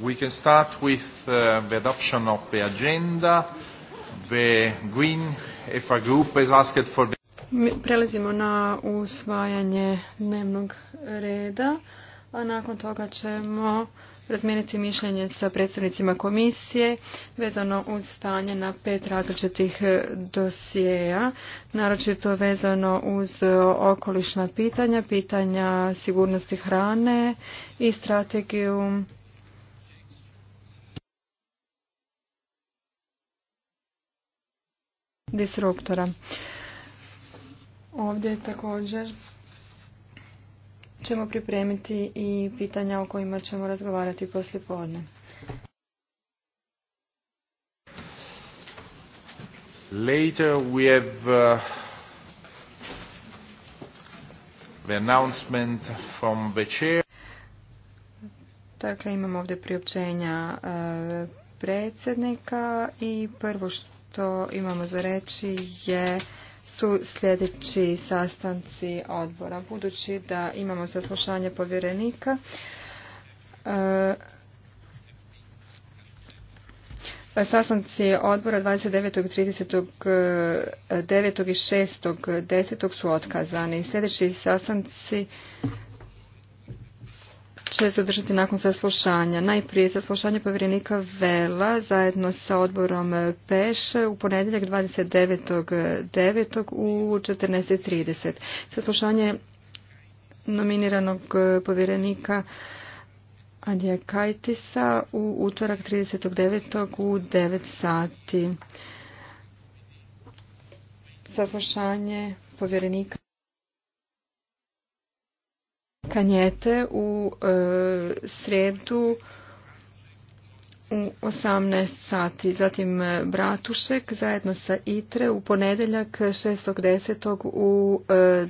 We can start with uh, the adoption of the agenda. The Green Group has asked for prelazimo na usvajanje dnevnog reda, a nakon toga ćemo razmijeniti mišljenje sa predstavnicima komisije vezano uz stanje na pet različitih e, dosijeja, naročito vezano uz e, okolišna pitanja, pitanja sigurnosti hrane i strategiju disruptora. Ovdje također ćemo pripremiti i pitanja o kojima ćemo razgovarati poslije podne. Later we have uh, announcement from the chair. Dakle, imamo ovdje priopćenja uh, predsjednika i prvo što što imamo za reći je su sljedeći sastanci odbora. Budući da imamo saslušanje povjerenika, e, Sastanci odbora 29. 30. 9. i 6. 10. su otkazani. Sljedeći sastanci će se održati nakon saslušanja. Najprije saslušanje povjerenika Vela zajedno sa odborom PEŠ u ponedjeljak 29.9. u 14.30. Saslušanje nominiranog povjerenika Adija u utorak 39. u 9 sati. Saslušanje povjerenika Kanjete u e, sredu u 18 sati. Zatim e, Bratušek zajedno sa ITRE u ponedeljak 6.10. u e,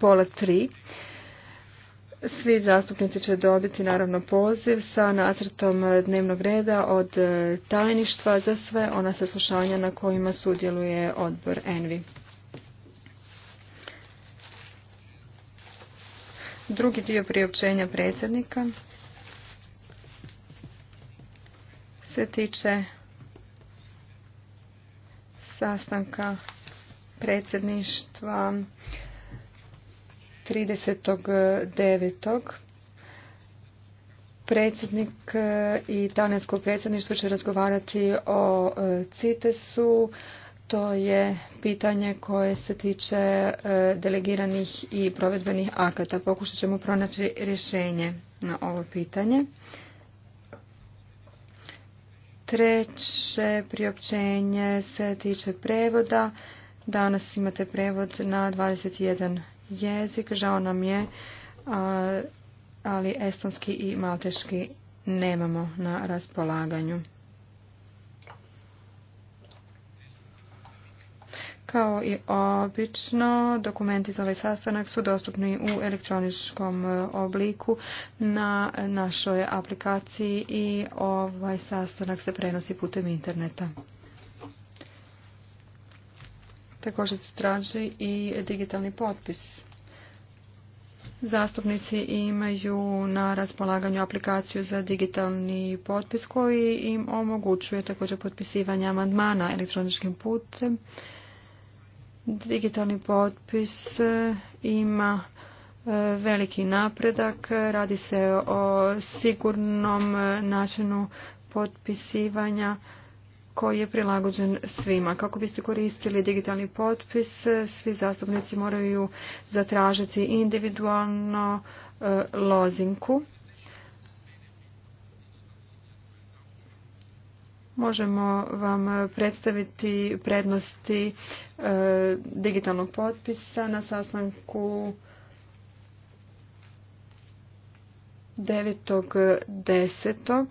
pola tri. Svi zastupnici će dobiti naravno poziv sa nacrtom dnevnog reda od tajništva za sve ona saslušanja na kojima sudjeluje odbor ENVI. Drugi dio priopćenja predsjednika se tiče sastanka predsjedništva 39. Predsjednik eh, i danesko predsjedništvo će razgovarati o eh, CITES-u, to je pitanje koje se tiče e, delegiranih i provedbenih akata. Pokušat ćemo pronaći rješenje na ovo pitanje. Treće priopćenje se tiče prevoda. Danas imate prevod na 21 jezik. Žao nam je, ali estonski i malteški nemamo na raspolaganju. Kao i obično, dokumenti za ovaj sastanak su dostupni u elektroničkom e, obliku na našoj aplikaciji i ovaj sastanak se prenosi putem interneta. Također se traži i digitalni potpis. Zastupnici imaju na raspolaganju aplikaciju za digitalni potpis koji im omogućuje također potpisivanje amandmana elektroničkim putem Digitalni potpis e, ima e, veliki napredak, radi se o sigurnom e, načinu potpisivanja koji je prilagođen svima. Kako biste koristili digitalni potpis, svi zastupnici moraju zatražiti individualno lozinku. možemo vam predstaviti prednosti e, digitalnog potpisa na sastanku 9.10.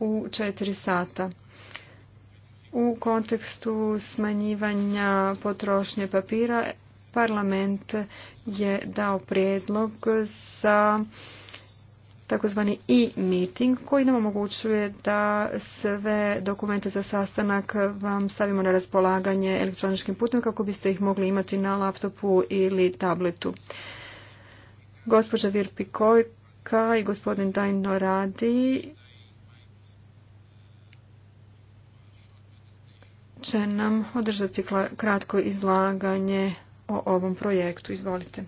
u 4 sata. U kontekstu smanjivanja potrošnje papira parlament je dao prijedlog za takozvani e-meeting koji nam omogućuje da sve dokumente za sastanak vam stavimo na raspolaganje elektroničkim putem kako biste ih mogli imati na laptopu ili tabletu. Gospođa Kojka i gospodin Dajno Radi će nam održati kratko izlaganje o ovom projektu. Izvolite.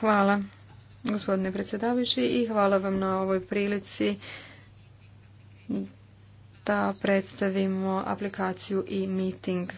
Hvala gospodine predsjedavajući i hvala vam na ovoj prilici da predstavimo aplikaciju i e meeting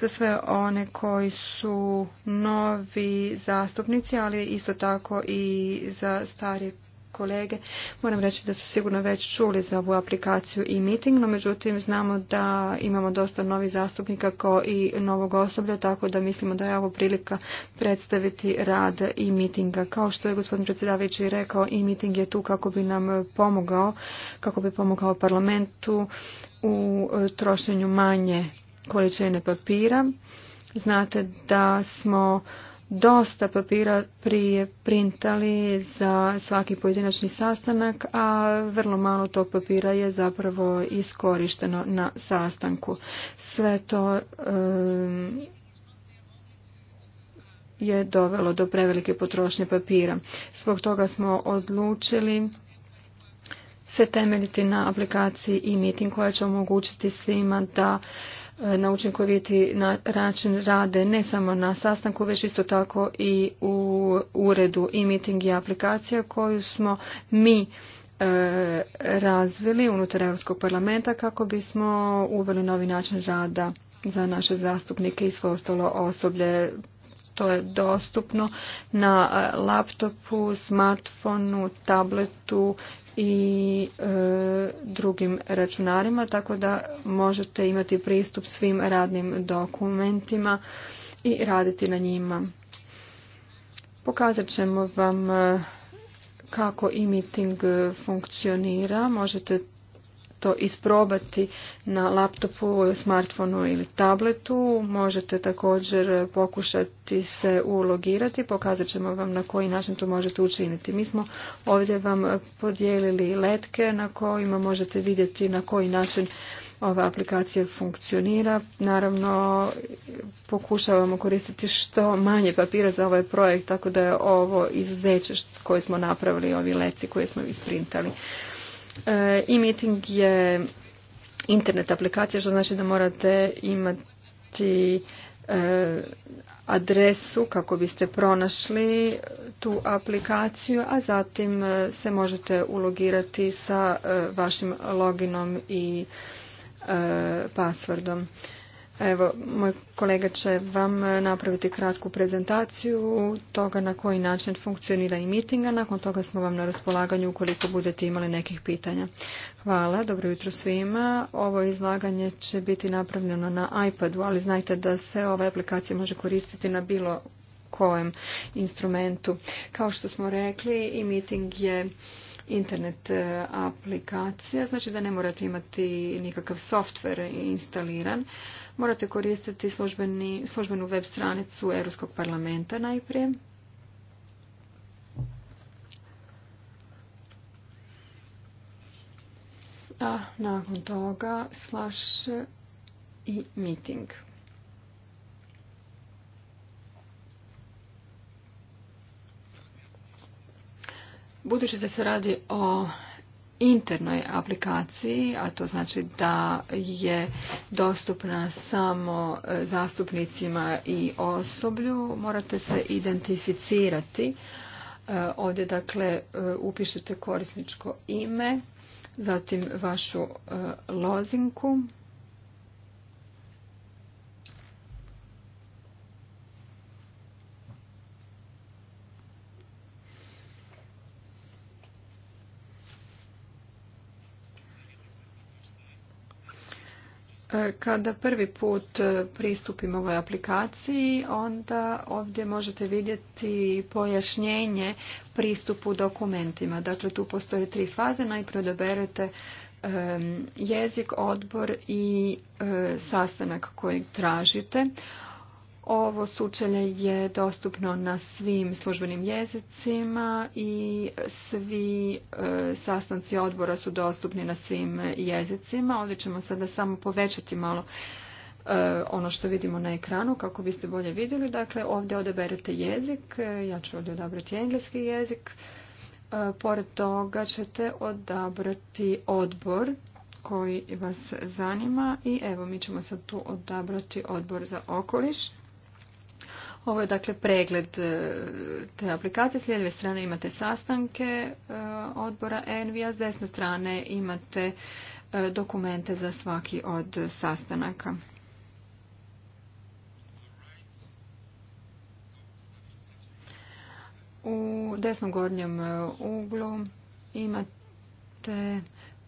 za sve one koji su novi zastupnici, ali isto tako i za starije kolege. Moram reći da su sigurno već čuli za ovu aplikaciju i meeting, no međutim znamo da imamo dosta novih zastupnika kao i novog osoblja, tako da mislimo da je ovo prilika predstaviti rad i meetinga. Kao što je gospodin predsjedavajući rekao, i meeting je tu kako bi nam pomogao, kako bi pomogao parlamentu u trošenju manje količine papira. Znate da smo dosta papira prije printali za svaki pojedinačni sastanak, a vrlo malo tog papira je zapravo iskorišteno na sastanku. Sve to je dovelo do prevelike potrošnje papira. Zbog toga smo odlučili se temeljiti na aplikaciji i meeting koja će omogućiti svima da E, na učinkoviti način rade ne samo na sastanku, već isto tako i u uredu i meeting i aplikacija koju smo mi e, razvili unutar Europskog parlamenta kako bismo uveli novi način rada za naše zastupnike i svoje ostalo osoblje to je dostupno na e, laptopu, smartfonu, tabletu i e, drugim računarima, tako da možete imati pristup svim radnim dokumentima i raditi na njima. Pokazat ćemo vam e, kako e-meeting funkcionira. Možete to isprobati na laptopu, smartfonu ili tabletu. Možete također pokušati se ulogirati, pokazat ćemo vam na koji način to možete učiniti. Mi smo ovdje vam podijelili letke na kojima možete vidjeti na koji način ova aplikacija funkcionira. Naravno, pokušavamo koristiti što manje papira za ovaj projekt, tako da je ovo izuzeće koje smo napravili, ovi leci koje smo isprintali. E-meeting je internet aplikacija što znači da morate imati e, adresu kako biste pronašli tu aplikaciju, a zatim e, se možete ulogirati sa e, vašim loginom i pasvrdom. Evo, moj kolega će vam napraviti kratku prezentaciju toga na koji način funkcionira i mitinga. Nakon toga smo vam na raspolaganju ukoliko budete imali nekih pitanja. Hvala, dobro jutro svima. Ovo izlaganje će biti napravljeno na iPadu, ali znajte da se ova aplikacija može koristiti na bilo kojem instrumentu. Kao što smo rekli, i miting je internet e, aplikacija, znači da ne morate imati nikakav software instaliran morate koristiti službenu web stranicu Europskog parlamenta najprije. A nakon toga slash i meeting. Budući da se radi o internoj aplikaciji, a to znači da je dostupna samo e, zastupnicima i osoblju, morate se identificirati. E, ovdje dakle e, upišete korisničko ime, zatim vašu lozinku Kada prvi put e, pristupim ovoj aplikaciji, onda ovdje možete vidjeti pojašnjenje pristupu dokumentima. Dakle, tu postoje tri faze. Najprije odaberete e, jezik, odbor i e, sastanak kojeg tražite. Ovo sučelje je dostupno na svim službenim jezicima i svi e, sastanci odbora su dostupni na svim jezicima. Ovdje ćemo sada samo povećati malo e, ono što vidimo na ekranu kako biste bolje vidjeli. Dakle, ovdje odaberete jezik, e, ja ću ovdje odabrati engleski jezik. pored toga ćete odabrati odbor koji vas zanima i evo mi ćemo sad tu odabrati odbor za okoliš. Ovo je dakle pregled e, te aplikacije. S lijeve strane imate sastanke e, odbora Envija, s desne strane imate e, dokumente za svaki od sastanaka. U desnom gornjem uglu imate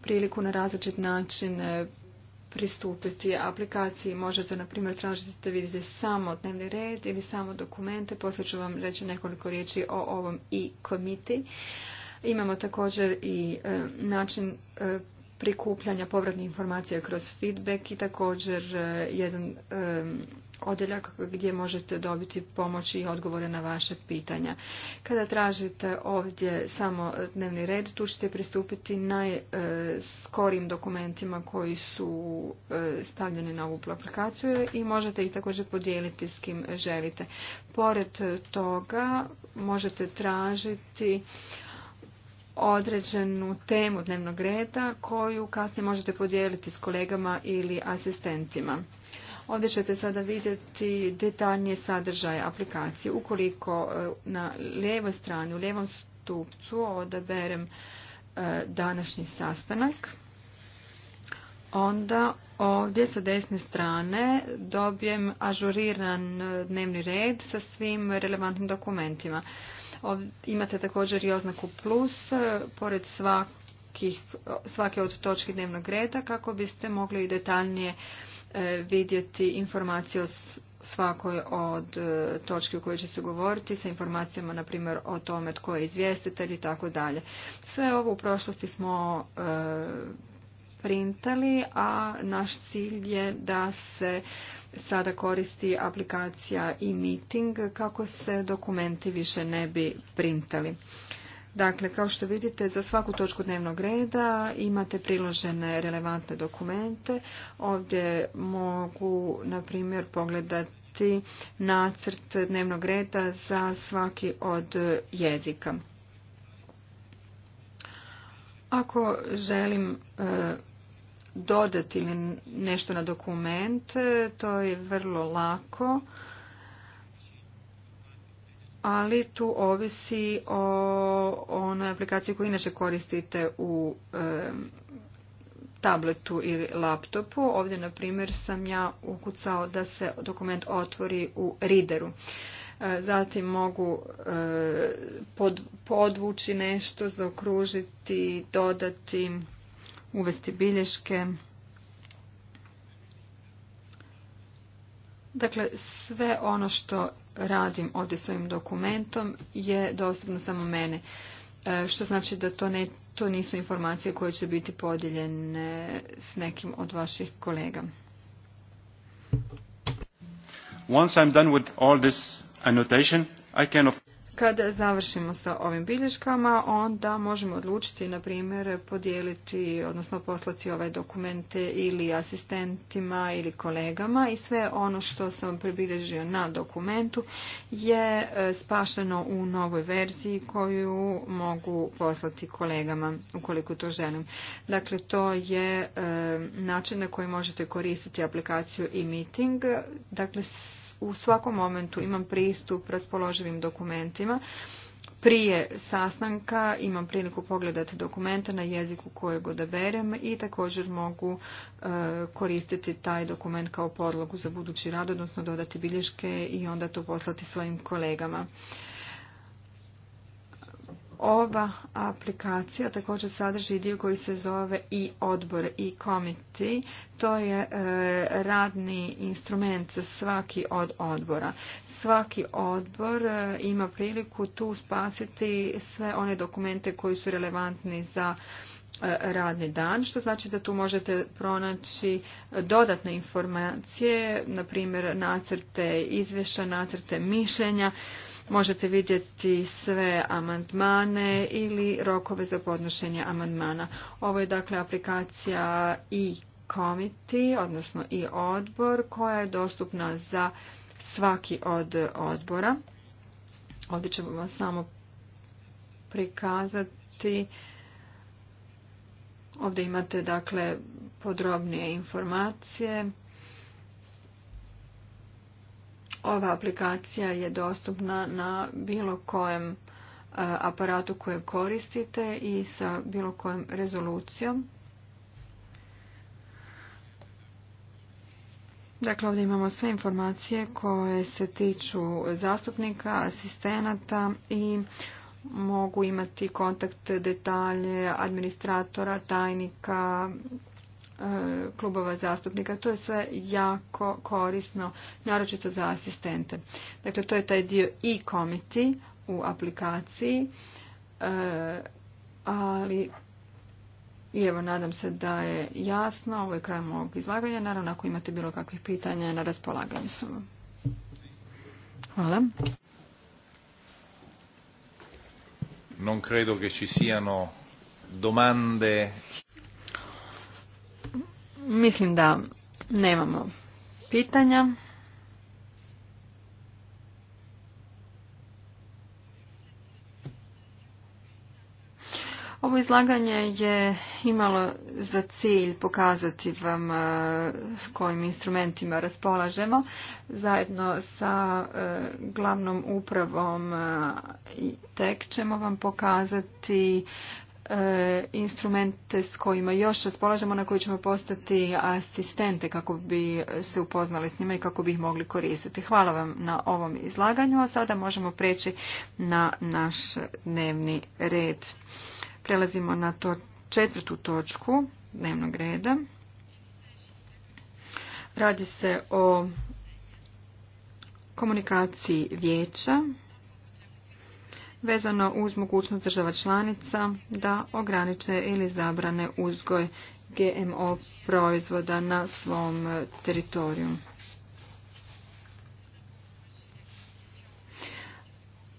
priliku na različit način pristupiti aplikaciji. Možete, na primjer, tražiti da vidite samo dnevni red ili samo dokumente. Poslije ću vam reći nekoliko riječi o ovom i komiti. Imamo također i e, način e, prikupljanja povratnih informacija kroz feedback i također e, jedan odjeljak gdje možete dobiti pomoć i odgovore na vaše pitanja. Kada tražite ovdje samo dnevni red, tu ćete pristupiti najskorijim dokumentima koji su e, stavljeni na ovu aplikaciju i možete ih također podijeliti s kim želite. Pored toga možete tražiti određenu temu dnevnog reda koju kasnije možete podijeliti s kolegama ili asistentima. Ovdje ćete sada vidjeti detaljnije sadržaje aplikacije. Ukoliko e, na lijevoj strani, u lijevom stupcu odaberem e, današnji sastanak, onda ovdje sa desne strane dobijem ažuriran e, dnevni red sa svim relevantnim dokumentima. imate također i oznaku plus pored svake od točki dnevnog reda kako biste mogli detaljnije E, vidjeti informacije o svakoj od e, točki u kojoj će se govoriti sa informacijama na primjer o tome tko je izvjestitelj i tako dalje. Sve ovo u prošlosti smo e, printali, a naš cilj je da se sada koristi aplikacija i meeting kako se dokumenti više ne bi printali. Dakle, kao što vidite, za svaku točku dnevnog reda imate priložene relevantne dokumente. Ovdje mogu, na primjer, pogledati nacrt dnevnog reda za svaki od jezika. Ako želim e, dodati nešto na dokument, to je vrlo lako ali tu ovisi o onoj aplikaciji koju inače koristite u tabletu ili laptopu. Ovdje, na primjer, sam ja ukucao da se dokument otvori u readeru. E, zatim mogu e, podvući nešto, zaokružiti, dodati, uvesti bilješke. Dakle, sve ono što radim ovdje s ovim dokumentom je dostupno samo mene. E, što znači da to, ne, to nisu informacije koje će biti podijeljene s nekim od vaših kolega. Once I'm done with all this annotation, I can of kad završimo sa ovim bilješkama, onda možemo odlučiti, na primjer, podijeliti, odnosno poslati ove dokumente ili asistentima ili kolegama i sve ono što sam pribilježio na dokumentu je e, spašeno u novoj verziji koju mogu poslati kolegama ukoliko to želim. Dakle, to je e, način na koji možete koristiti aplikaciju e-meeting. Dakle, u svakom momentu imam pristup raspoloživim dokumentima. Prije sastanka imam priliku pogledati dokumente na jeziku kojeg odaberem i također mogu e, koristiti taj dokument kao podlogu za budući rad, odnosno dodati bilješke i onda to poslati svojim kolegama. Ova aplikacija također sadrži dio koji se zove i odbor i komiti. To je e, radni instrument za svaki od odbora. Svaki odbor e, ima priliku tu spasiti sve one dokumente koji su relevantni za e, radni dan, što znači da tu možete pronaći dodatne informacije, na primjer nacrte izvješća, nacrte mišljenja, Možete vidjeti sve amandmane ili rokove za podnošenje amandmana. Ovo je dakle aplikacija i komiti, odnosno i odbor, koja je dostupna za svaki od odbora. Ovdje ćemo vam samo prikazati. Ovdje imate dakle podrobnije informacije. Ova aplikacija je dostupna na bilo kojem e, aparatu koje koristite i sa bilo kojem rezolucijom. Dakle, ovdje imamo sve informacije koje se tiču zastupnika, asistenata i mogu imati kontakt detalje administratora, tajnika, E, klubova zastupnika. To je sve jako korisno, naročito za asistente. Dakle, to je taj dio i komiti u aplikaciji, e, ali i evo, nadam se da je jasno, ovo je kraj mog izlaganja. Naravno, ako imate bilo kakvih pitanja, na raspolaganju sam vam. Hvala. Non credo che ci siano domande Mislim da nemamo pitanja. Ovo izlaganje je imalo za cilj pokazati vam e, s kojim instrumentima raspolažemo zajedno sa e, glavnom upravom e, i tek ćemo vam pokazati E, instrumente s kojima još raspolažemo, na koji ćemo postati asistente kako bi se upoznali s njima i kako bi ih mogli koristiti. Hvala vam na ovom izlaganju, a sada možemo preći na naš dnevni red. Prelazimo na to četvrtu točku dnevnog reda. Radi se o komunikaciji vijeća vezano uz mogućnost država članica da ograniče ili zabrane uzgoj GMO proizvoda na svom e, teritoriju.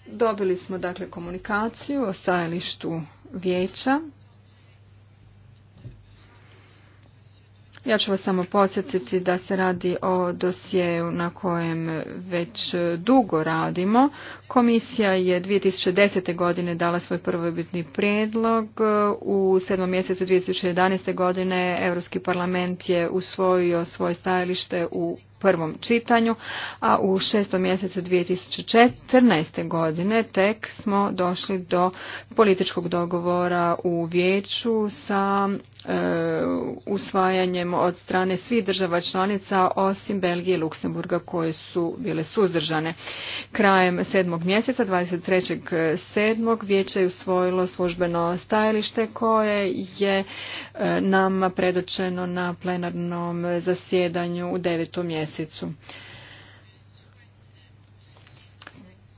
Dobili smo dakle komunikaciju o stajalištu vijeća Ja ću vas samo podsjetiti da se radi o dosjeju na kojem već dugo radimo. Komisija je 2010. godine dala svoj prvobitni prijedlog. U 7. mjesecu 2011. godine Europski parlament je usvojio svoje stajalište u prvom čitanju, a u šestom mjesecu 2014. godine tek smo došli do političkog dogovora u vijeću sa e, usvajanjem od strane svih država članica osim Belgije i Luksemburga koje su bile suzdržane. Krajem sedmog mjeseca, 23.7. vijeće je usvojilo službeno stajalište koje je e, nama predočeno na plenarnom zasjedanju u devetom mjesecu mjesecu.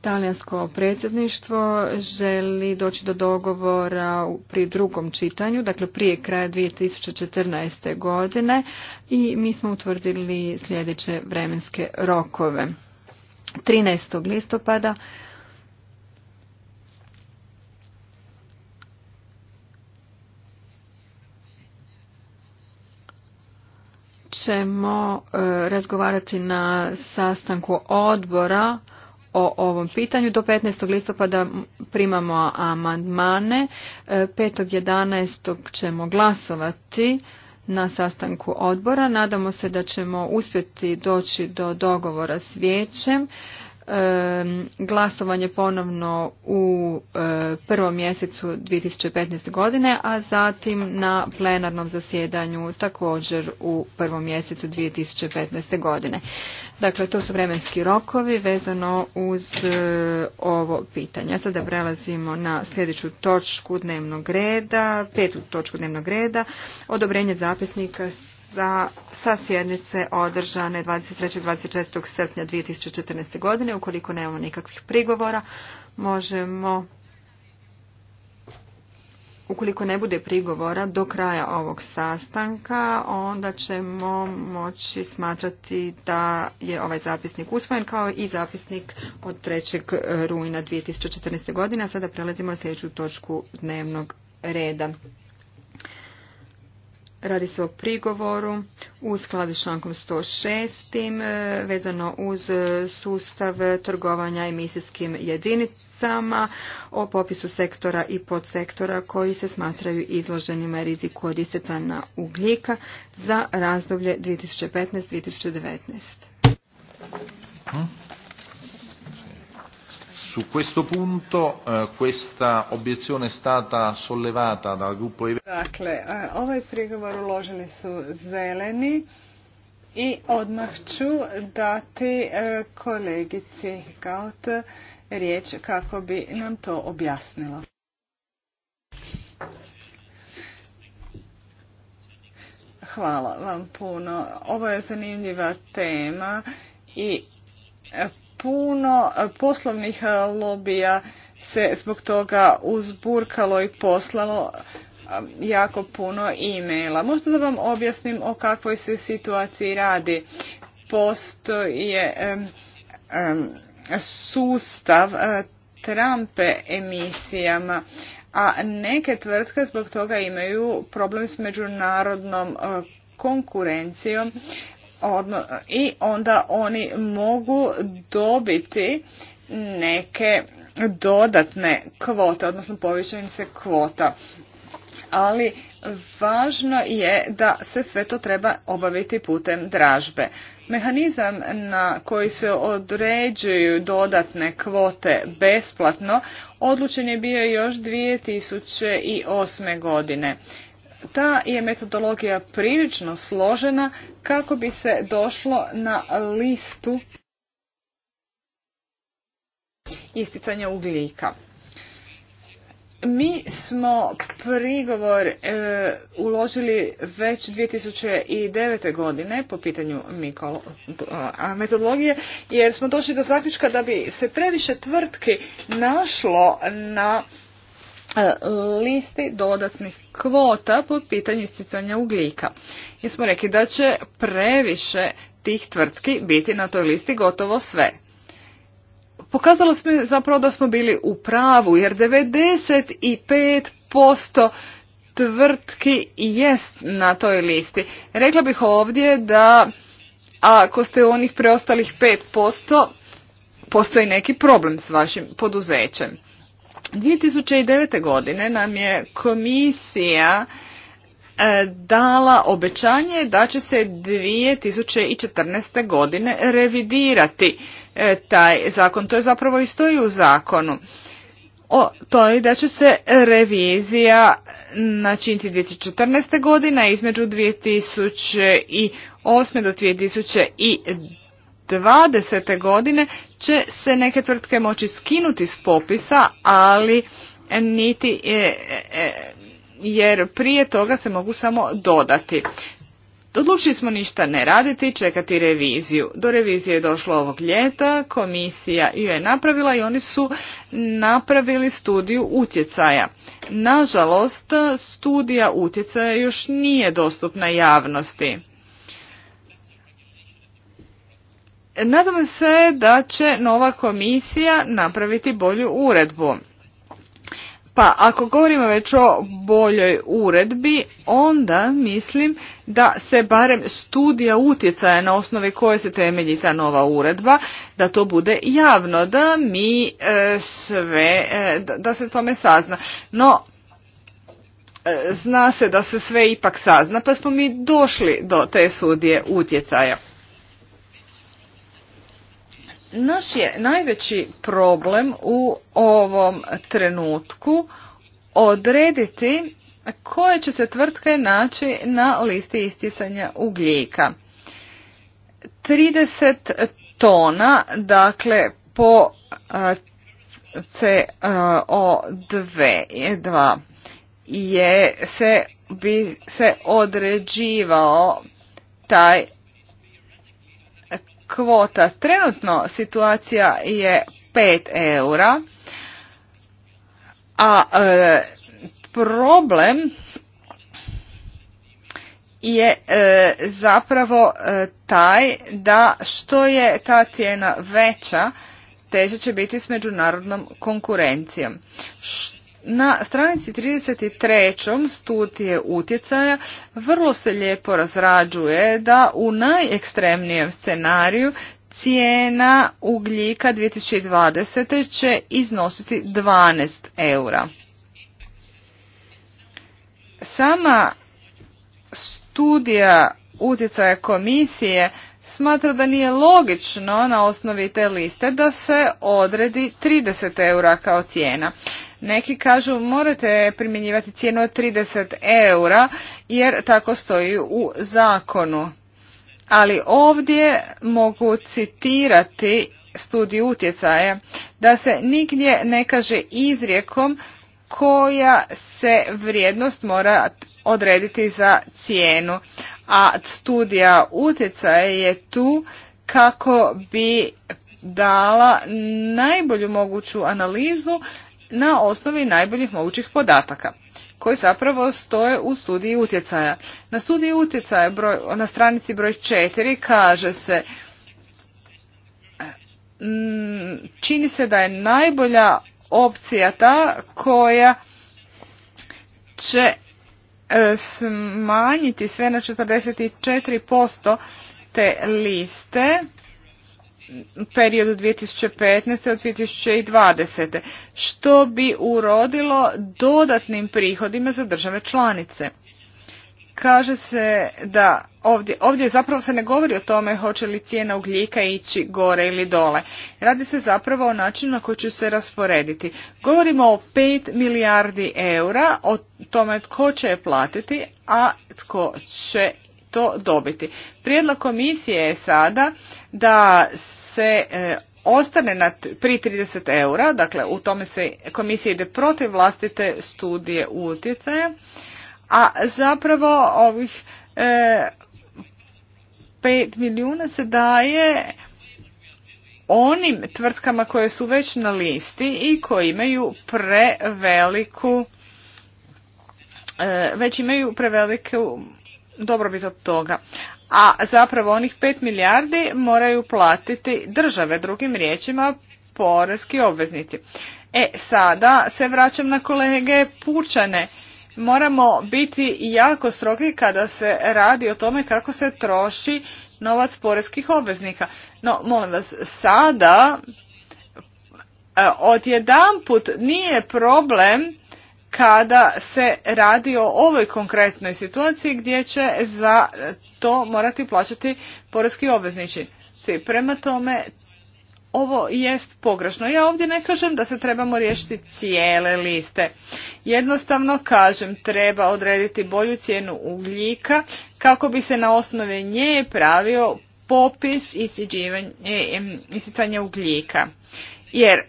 Talijansko predsjedništvo želi doći do dogovora pri drugom čitanju, dakle prije kraja 2014. godine i mi smo utvrdili sljedeće vremenske rokove. 13. listopada ćemo e, razgovarati na sastanku odbora o ovom pitanju. Do 15. listopada primamo amandmane. 5.11. E, ćemo glasovati na sastanku odbora. Nadamo se da ćemo uspjeti doći do dogovora s vijećem glasovanje ponovno u e, prvom mjesecu 2015. godine, a zatim na plenarnom zasjedanju također u prvom mjesecu 2015. godine. Dakle, to su vremenski rokovi vezano uz e, ovo pitanje. Sada prelazimo na sljedeću točku dnevnog reda, petu točku dnevnog reda, odobrenje zapisnika za, sa sjednice održane 23. 26. srpnja 2014. godine. Ukoliko nemamo nikakvih prigovora, možemo Ukoliko ne bude prigovora do kraja ovog sastanka, onda ćemo moći smatrati da je ovaj zapisnik usvojen kao i zapisnik od 3. E, rujna 2014. godine. A sada prelazimo na sljedeću točku dnevnog reda. Radi se o prigovoru u skladu s člankom 106. E, vezano uz e, sustav trgovanja emisijskim jedinicama o popisu sektora i podsektora koji se smatraju izloženima riziku od istetana ugljika za razdoblje 2015-2019. Su questo punto eh, questa obiezione è stata sollevata dal gruppo Dakle, eh, ovaj prigovor uložili su zeleni i odmah ću dati eh, kolegici Gaut riječ kako bi nam to objasnila. Hvala vam puno. Ovo je zanimljiva tema i eh, puno e, poslovnih e, lobija se zbog toga uzburkalo i poslalo e, jako puno e-maila. Možda da vam objasnim o kakvoj se situaciji radi. Postoji sustav trumpe trampe emisijama, a neke tvrtke zbog toga imaju problem s međunarodnom konkurencijom odno, i onda oni mogu dobiti neke dodatne kvote, odnosno poveća im se kvota. Ali važno je da se sve to treba obaviti putem dražbe. Mehanizam na koji se određuju dodatne kvote besplatno odlučen je bio još 2008. godine ta je metodologija prilično složena kako bi se došlo na listu isticanja ugljika. Mi smo prigovor e, uložili već 2009. godine po pitanju metodologije jer smo došli do zaključka da bi se previše tvrtki našlo na E, listi dodatnih kvota po pitanju isticanja ugljika. Mi smo rekli da će previše tih tvrtki biti na toj listi gotovo sve. Pokazalo smo zapravo da smo bili u pravu jer 95% tvrtki jest na toj listi. Rekla bih ovdje da ako ste u onih preostalih 5% postoji neki problem s vašim poduzećem. 2009. godine nam je komisija e, dala obećanje da će se 2014. godine revidirati e, taj zakon. To je zapravo i stoji u zakonu. O, to je da će se revizija načiniti 2014. godine između 2008. do 2020. godine će se neke tvrtke moći skinuti s popisa, ali niti e, e, jer prije toga se mogu samo dodati. Odlučili smo ništa ne raditi, čekati reviziju. Do revizije je došlo ovog ljeta, komisija ju je napravila i oni su napravili studiju utjecaja. Nažalost, studija utjecaja još nije dostupna javnosti. Nadam se da će nova komisija napraviti bolju uredbu. Pa ako govorimo već o boljoj uredbi, onda mislim da se barem studija utjecaja na osnovi koje se temelji ta nova uredba, da to bude javno, da mi e, sve, e, da, se tome sazna. No, e, zna se da se sve ipak sazna, pa smo mi došli do te studije utjecaja. Naš je najveći problem u ovom trenutku odrediti koje će se tvrtke naći na listi isticanja ugljika. 30 tona, dakle po CO2 je se bi se određivao taj kvota. Trenutno situacija je 5 eura, a e, problem je e, zapravo e, taj da što je ta cijena veća, teže će biti s međunarodnom konkurencijom. Što na stranici 33. studije utjecaja vrlo se lijepo razrađuje da u najekstremnijem scenariju cijena ugljika 2020. će iznositi 12 eura. Sama studija utjecaja komisije smatra da nije logično na osnovi te liste da se odredi 30 eura kao cijena. Neki kažu morate primjenjivati cijenu od 30 eura jer tako stoji u zakonu. Ali ovdje mogu citirati studiju utjecaja da se nigdje ne kaže izrijekom koja se vrijednost mora odrediti za cijenu. A studija utjecaja je tu kako bi dala najbolju moguću analizu na osnovi najboljih mogućih podataka koji zapravo stoje u studiji utjecaja. Na studiji utjecaja na stranici broj 4 kaže se mm, čini se da je najbolja opcija ta koja će e, smanjiti sve na 44% te liste periodu 2015. od 2020. što bi urodilo dodatnim prihodima za države članice kaže se da ovdje, ovdje zapravo se ne govori o tome hoće li cijena ugljika ići gore ili dole. Radi se zapravo o načinu na koji će se rasporediti. Govorimo o 5 milijardi eura, o tome tko će je platiti, a tko će to dobiti. Prijedlog komisije je sada da se e, ostane na pri 30 eura, dakle u tome se komisija ide protiv vlastite studije utjecaja a zapravo ovih e, 5 milijuna se daje onim tvrtkama koje su već na listi i koji imaju preveliku e, već imaju preveliku dobrobit od toga. A zapravo onih 5 milijardi moraju platiti države, drugim riječima porezki obveznici. E sada se vraćam na kolege Pučane moramo biti jako strogi kada se radi o tome kako se troši novac porezkih obveznika. No, molim vas, sada e, odjedanput nije problem kada se radi o ovoj konkretnoj situaciji gdje će za to morati plaćati porezki obveznici. Prema tome ovo jest pogrešno. Ja ovdje ne kažem da se trebamo riješiti cijele liste. Jednostavno kažem treba odrediti bolju cijenu ugljika kako bi se na osnovi nje pravio popis isicanja ugljika. Jer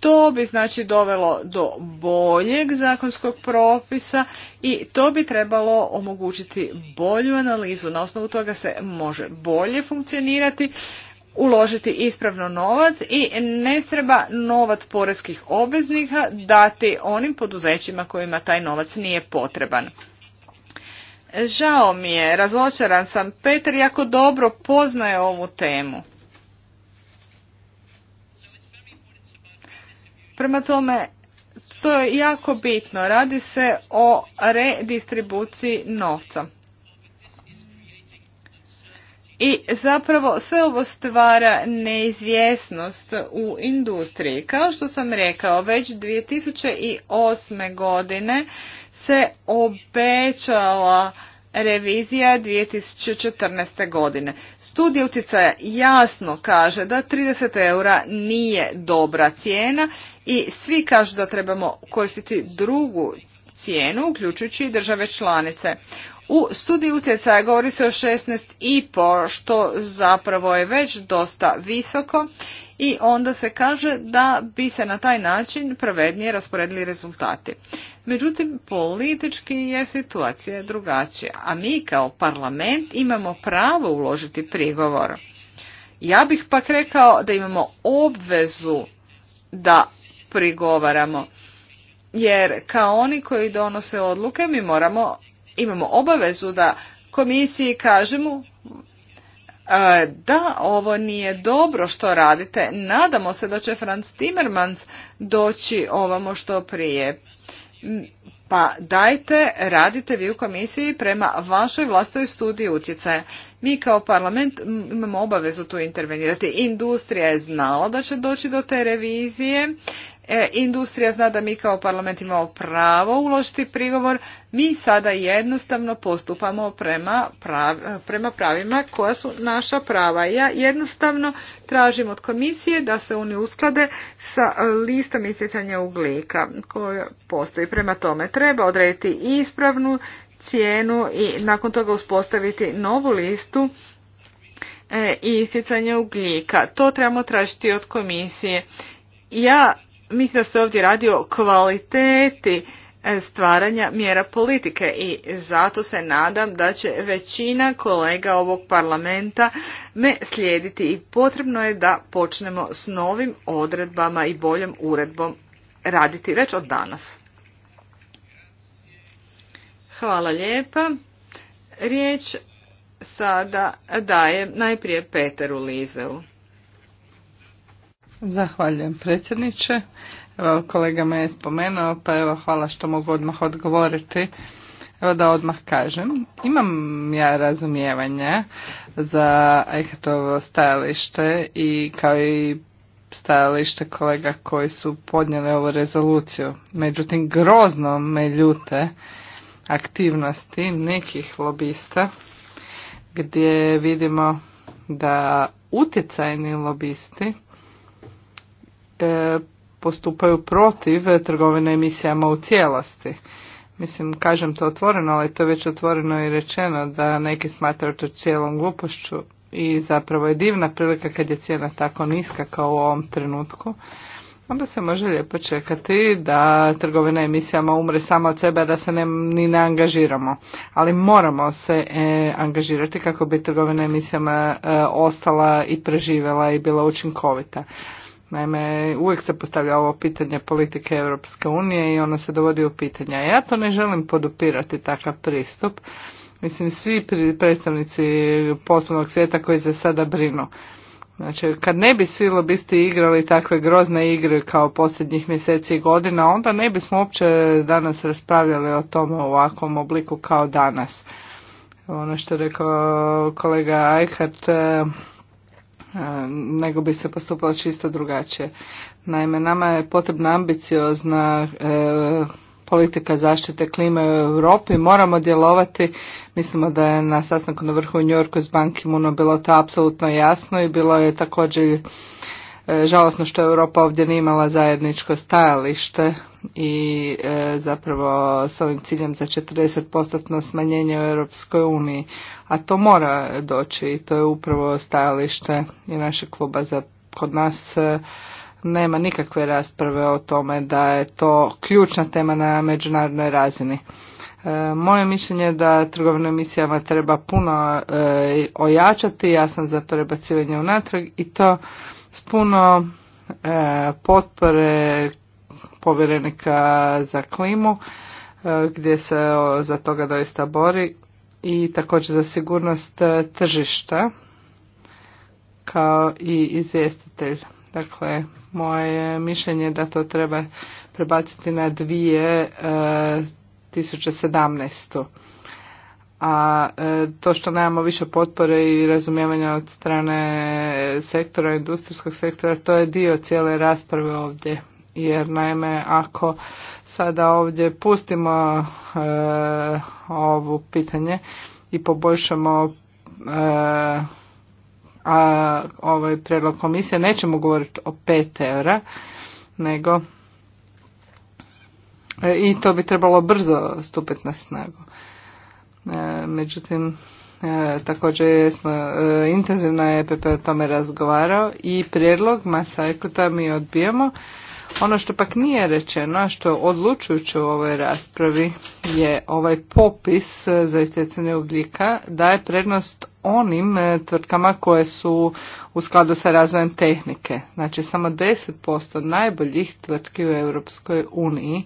to bi znači dovelo do boljeg zakonskog propisa i to bi trebalo omogućiti bolju analizu. Na osnovu toga se može bolje funkcionirati uložiti ispravno novac i ne treba novac poreskih obveznika dati onim poduzećima kojima taj novac nije potreban. Žao mi je, razočaran sam, Peter jako dobro poznaje ovu temu. Prema tome, to je jako bitno, radi se o redistribuciji novca. I zapravo sve ovo stvara neizvjesnost u industriji. Kao što sam rekao, već 2008. godine se obećala revizija 2014. godine. Studija utjecaja jasno kaže da 30 eura nije dobra cijena i svi kažu da trebamo koristiti drugu cijenu, uključujući i države članice. U studiju utjecaja govori se o 16,5, što zapravo je već dosta visoko i onda se kaže da bi se na taj način pravednije rasporedili rezultati. Međutim, politički je situacija drugačija, a mi kao parlament imamo pravo uložiti prigovor. Ja bih pak rekao da imamo obvezu da prigovaramo jer kao oni koji donose odluke mi moramo, imamo obavezu da komisiji kažemo e, da ovo nije dobro što radite. Nadamo se da će Franz Timmermans doći ovamo što prije. Pa dajte, radite vi u komisiji prema vašoj vlastoj studiji utjecaja. Mi kao parlament imamo obavezu tu intervenirati. Industrija je znala da će doći do te revizije. E, industrija zna da mi kao parlament imamo pravo uložiti prigovor, mi sada jednostavno postupamo prema, prema pravima koja su naša prava. Ja jednostavno tražim od komisije da se oni usklade sa listom isjecanja ugljika koja postoji. Prema tome treba odrediti ispravnu cijenu i nakon toga uspostaviti novu listu i e, isjecanja ugljika. To trebamo tražiti od komisije. Ja Mislim da se ovdje radi o kvaliteti e, stvaranja mjera politike i zato se nadam da će većina kolega ovog parlamenta me slijediti i potrebno je da počnemo s novim odredbama i boljom uredbom raditi već od danas. Hvala lijepa. Riječ sada dajem najprije Peteru Lizeu. Zahvaljujem predsjedniče. Evo, kolega me je spomenuo, pa evo, hvala što mogu odmah odgovoriti. Evo da odmah kažem, imam ja razumijevanje za Eichetovo stajalište i kao i stajalište kolega koji su podnijeli ovu rezoluciju. Međutim, grozno me ljute aktivnosti nekih lobista gdje vidimo da utjecajni lobisti E, postupaju protiv trgovine emisijama u cijelosti. Mislim, kažem to otvoreno, ali to je već otvoreno i rečeno da neki smatraju to cijelom glupošću i zapravo je divna prilika kad je cijena tako niska kao u ovom trenutku. Onda se može lijepo čekati da trgovina emisijama umre samo od sebe, da se ne, ni ne angažiramo. Ali moramo se e, angažirati kako bi trgovina emisijama e, ostala i preživjela i bila učinkovita. Naime, uvijek se postavlja ovo pitanje politike Europske unije i ono se dovodi u pitanje. Ja to ne želim podupirati takav pristup. Mislim, svi predstavnici poslovnog svijeta koji se sada brinu. Znači, kad ne bi svi lobisti igrali takve grozne igre kao posljednjih mjeseci i godina, onda ne bismo uopće danas raspravljali o tome u ovakvom obliku kao danas. Ono što je rekao kolega Eichert... Eh, E, nego bi se postupalo čisto drugačije. Naime, nama je potrebna ambiciozna e, politika zaštite klime u Europi, moramo djelovati. Mislimo da je na sastanku na vrhu u Njorku s Bankimuno bilo to apsolutno jasno i bilo je također E, žalosno što Europa ovdje nije imala zajedničko stajalište i e, zapravo s ovim ciljem za 40% smanjenje u Europskoj uniji. A to mora doći i to je upravo stajalište i našeg kluba za kod nas e, nema nikakve rasprave o tome da je to ključna tema na međunarodnoj razini. moje mišljenje je da trgovnim emisijama treba puno ojačati, ja sam za prebacivanje unatrag i to puno e, potpore povjerenika za klimu e, gdje se za toga doista bori i također za sigurnost e, tržišta kao i izvjestitelj. Dakle, moje mišljenje je da to treba prebaciti na 2017 a e, to što nemamo više potpore i razumijevanja od strane sektora, industrijskog sektora, to je dio cijele rasprave ovdje. Jer naime, ako sada ovdje pustimo e, ovo pitanje i poboljšamo e, a, ovaj prijedlog komisije, nećemo govoriti o 5 eura, nego i to bi trebalo brzo stupiti na snagu. E, međutim e, također smo e, intenzivno je EPP o tome razgovarao i prijedlog Masa mi odbijamo. Ono što pak nije rečeno, a što odlučujuće u ovoj raspravi, je ovaj popis za istjecanje ugljika daje prednost onim tvrtkama koje su u skladu sa razvojem tehnike. Znači samo 10% najboljih tvrtki u Europskoj uniji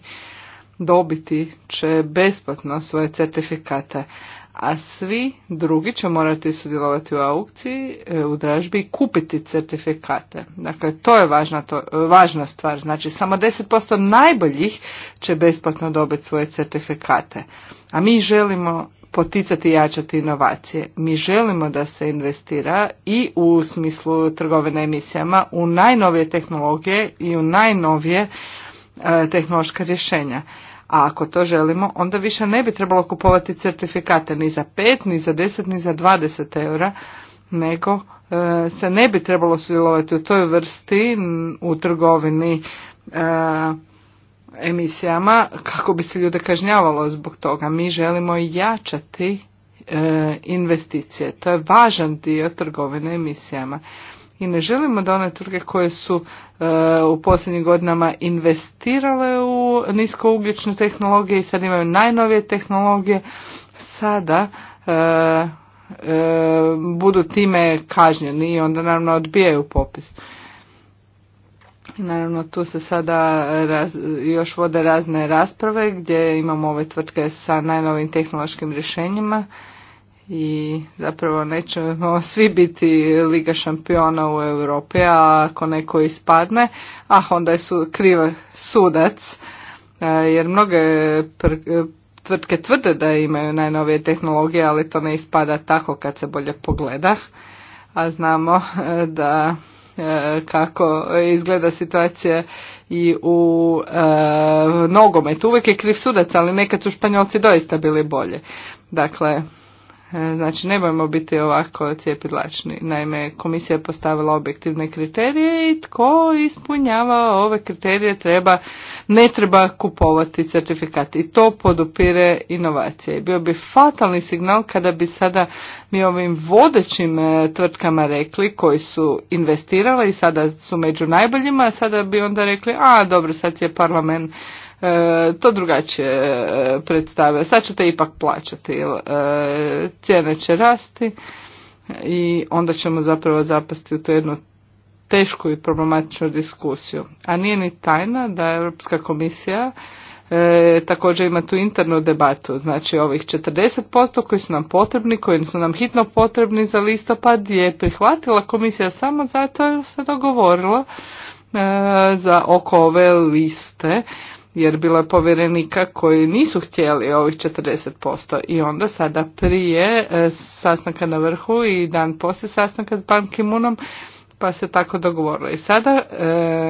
dobiti će besplatno svoje certifikate, a svi drugi će morati sudjelovati u aukciji, e, u dražbi i kupiti certifikate. Dakle, to je važna, to, važna stvar. Znači, samo 10% najboljih će besplatno dobiti svoje certifikate. A mi želimo poticati i jačati inovacije. Mi želimo da se investira i u smislu trgovine emisijama u najnovije tehnologije i u najnovije E, tehnološka rješenja. A ako to želimo, onda više ne bi trebalo kupovati certifikate ni za 5, ni za 10, ni za 20 eura, nego e, se ne bi trebalo sudjelovati u toj vrsti u trgovini e, emisijama kako bi se ljude kažnjavalo zbog toga. Mi želimo jačati investicije. To je važan dio trgovine emisijama i ne želimo da one tvrtke koje su e, u posljednjim godinama investirale u niskougljične tehnologije i sad imaju najnovije tehnologije, sada e, e, budu time kažnjeni i onda naravno odbijaju popis. I naravno tu se sada još vode razne rasprave gdje imamo ove tvrtke sa najnovim tehnološkim rješenjima i zapravo nećemo svi biti Liga šampiona u Europi, a ako neko ispadne, ah onda je su, kriv sudac, e, jer mnoge tvrtke tvrde da imaju najnovije tehnologije, ali to ne ispada tako kad se bolje pogleda, a znamo e, da e, kako izgleda situacija i u e, nogometu. Uvijek je kriv sudac, ali nekad su Španjolci doista bili bolje. Dakle, E, znači, nemojmo biti ovako cijepidlačni. Naime, komisija je postavila objektivne kriterije i tko ispunjava ove kriterije treba, ne treba kupovati certifikat. I to podupire inovacije. Bio bi fatalni signal kada bi sada mi ovim vodećim e, tvrtkama rekli koji su investirali i sada su među najboljima, a sada bi onda rekli, a dobro, sad je parlament E, to drugačije e, predstave. Sad ćete ipak plaćati, e, cijene će rasti i onda ćemo zapravo zapasti u tu jednu tešku i problematičnu diskusiju. A nije ni tajna da Europska komisija e, također ima tu internu debatu, znači ovih 40% koji su nam potrebni, koji su nam hitno potrebni za listopad je prihvatila komisija samo zato jer se dogovorila e, za oko ove liste jer bilo je povjerenika koji nisu htjeli ovih 40% i onda sada prije e, sastanka na vrhu i dan poslije sastanka s Ban ki pa se tako dogovorilo. I sada e,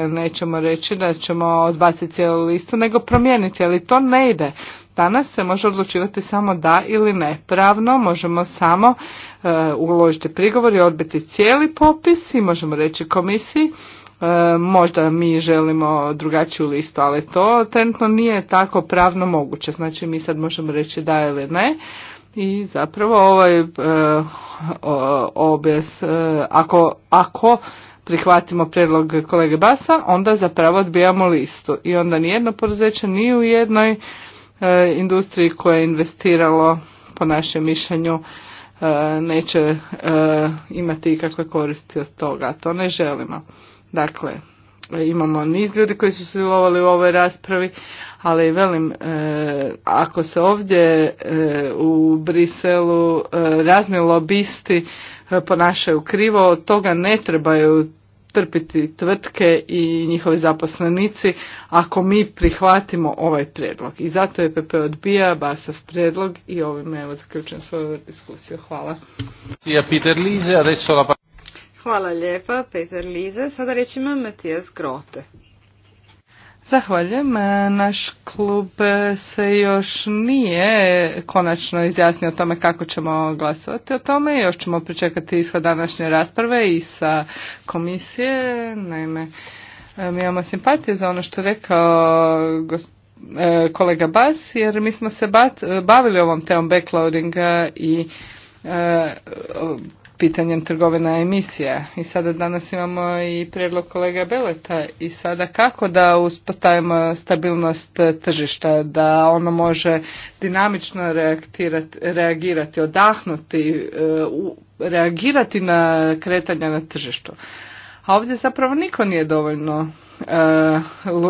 nećemo reći da ćemo odbaciti cijelu listu nego promijeniti, ali to ne ide. Danas se može odlučivati samo da ili ne. Pravno možemo samo e, uložiti prigovor i odbiti cijeli popis i možemo reći komisiji e, možda mi želimo drugačiju listu, ali to trenutno nije tako pravno moguće. Znači mi sad možemo reći da ili ne. I zapravo ovaj e, e ako, ako prihvatimo prijedlog kolege Basa, onda zapravo odbijamo listu. I onda nijedno poduzeće ni u jednoj E, industriji koje je investiralo po našem mišljenju e, neće e, imati ikakve koristi od toga. to ne želimo. Dakle, imamo niz ljudi koji su sudjelovali u ovoj raspravi, ali velim, ako se ovdje u Briselu razni lobisti ponašaju krivo, od toga ne trebaju trpiti tvrtke i njihovi zaposlenici ako mi prihvatimo ovaj predlog. I zato je PP odbija Basov predlog i ovim evo zaključujem svoju diskusiju. Hvala. Pa- Hvala lijepa, Peter Lize. Sada reći ima Matijas Grote. Zahvaljujem. E, naš klub se još nije konačno izjasnio o tome kako ćemo glasovati o tome. Još ćemo pričekati ishod današnje rasprave i sa komisije. Naime, e, mi imamo simpatije za ono što je rekao e, kolega Bas, jer mi smo se bavili ovom temom backloadinga i pitanjem trgovina emisija. I sada danas imamo i prijedlog kolega Beleta. I sada kako da uspostavimo stabilnost tržišta, da ono može dinamično reagirati, odahnuti, e, reagirati na kretanja na tržištu. A ovdje zapravo niko nije dovoljno e,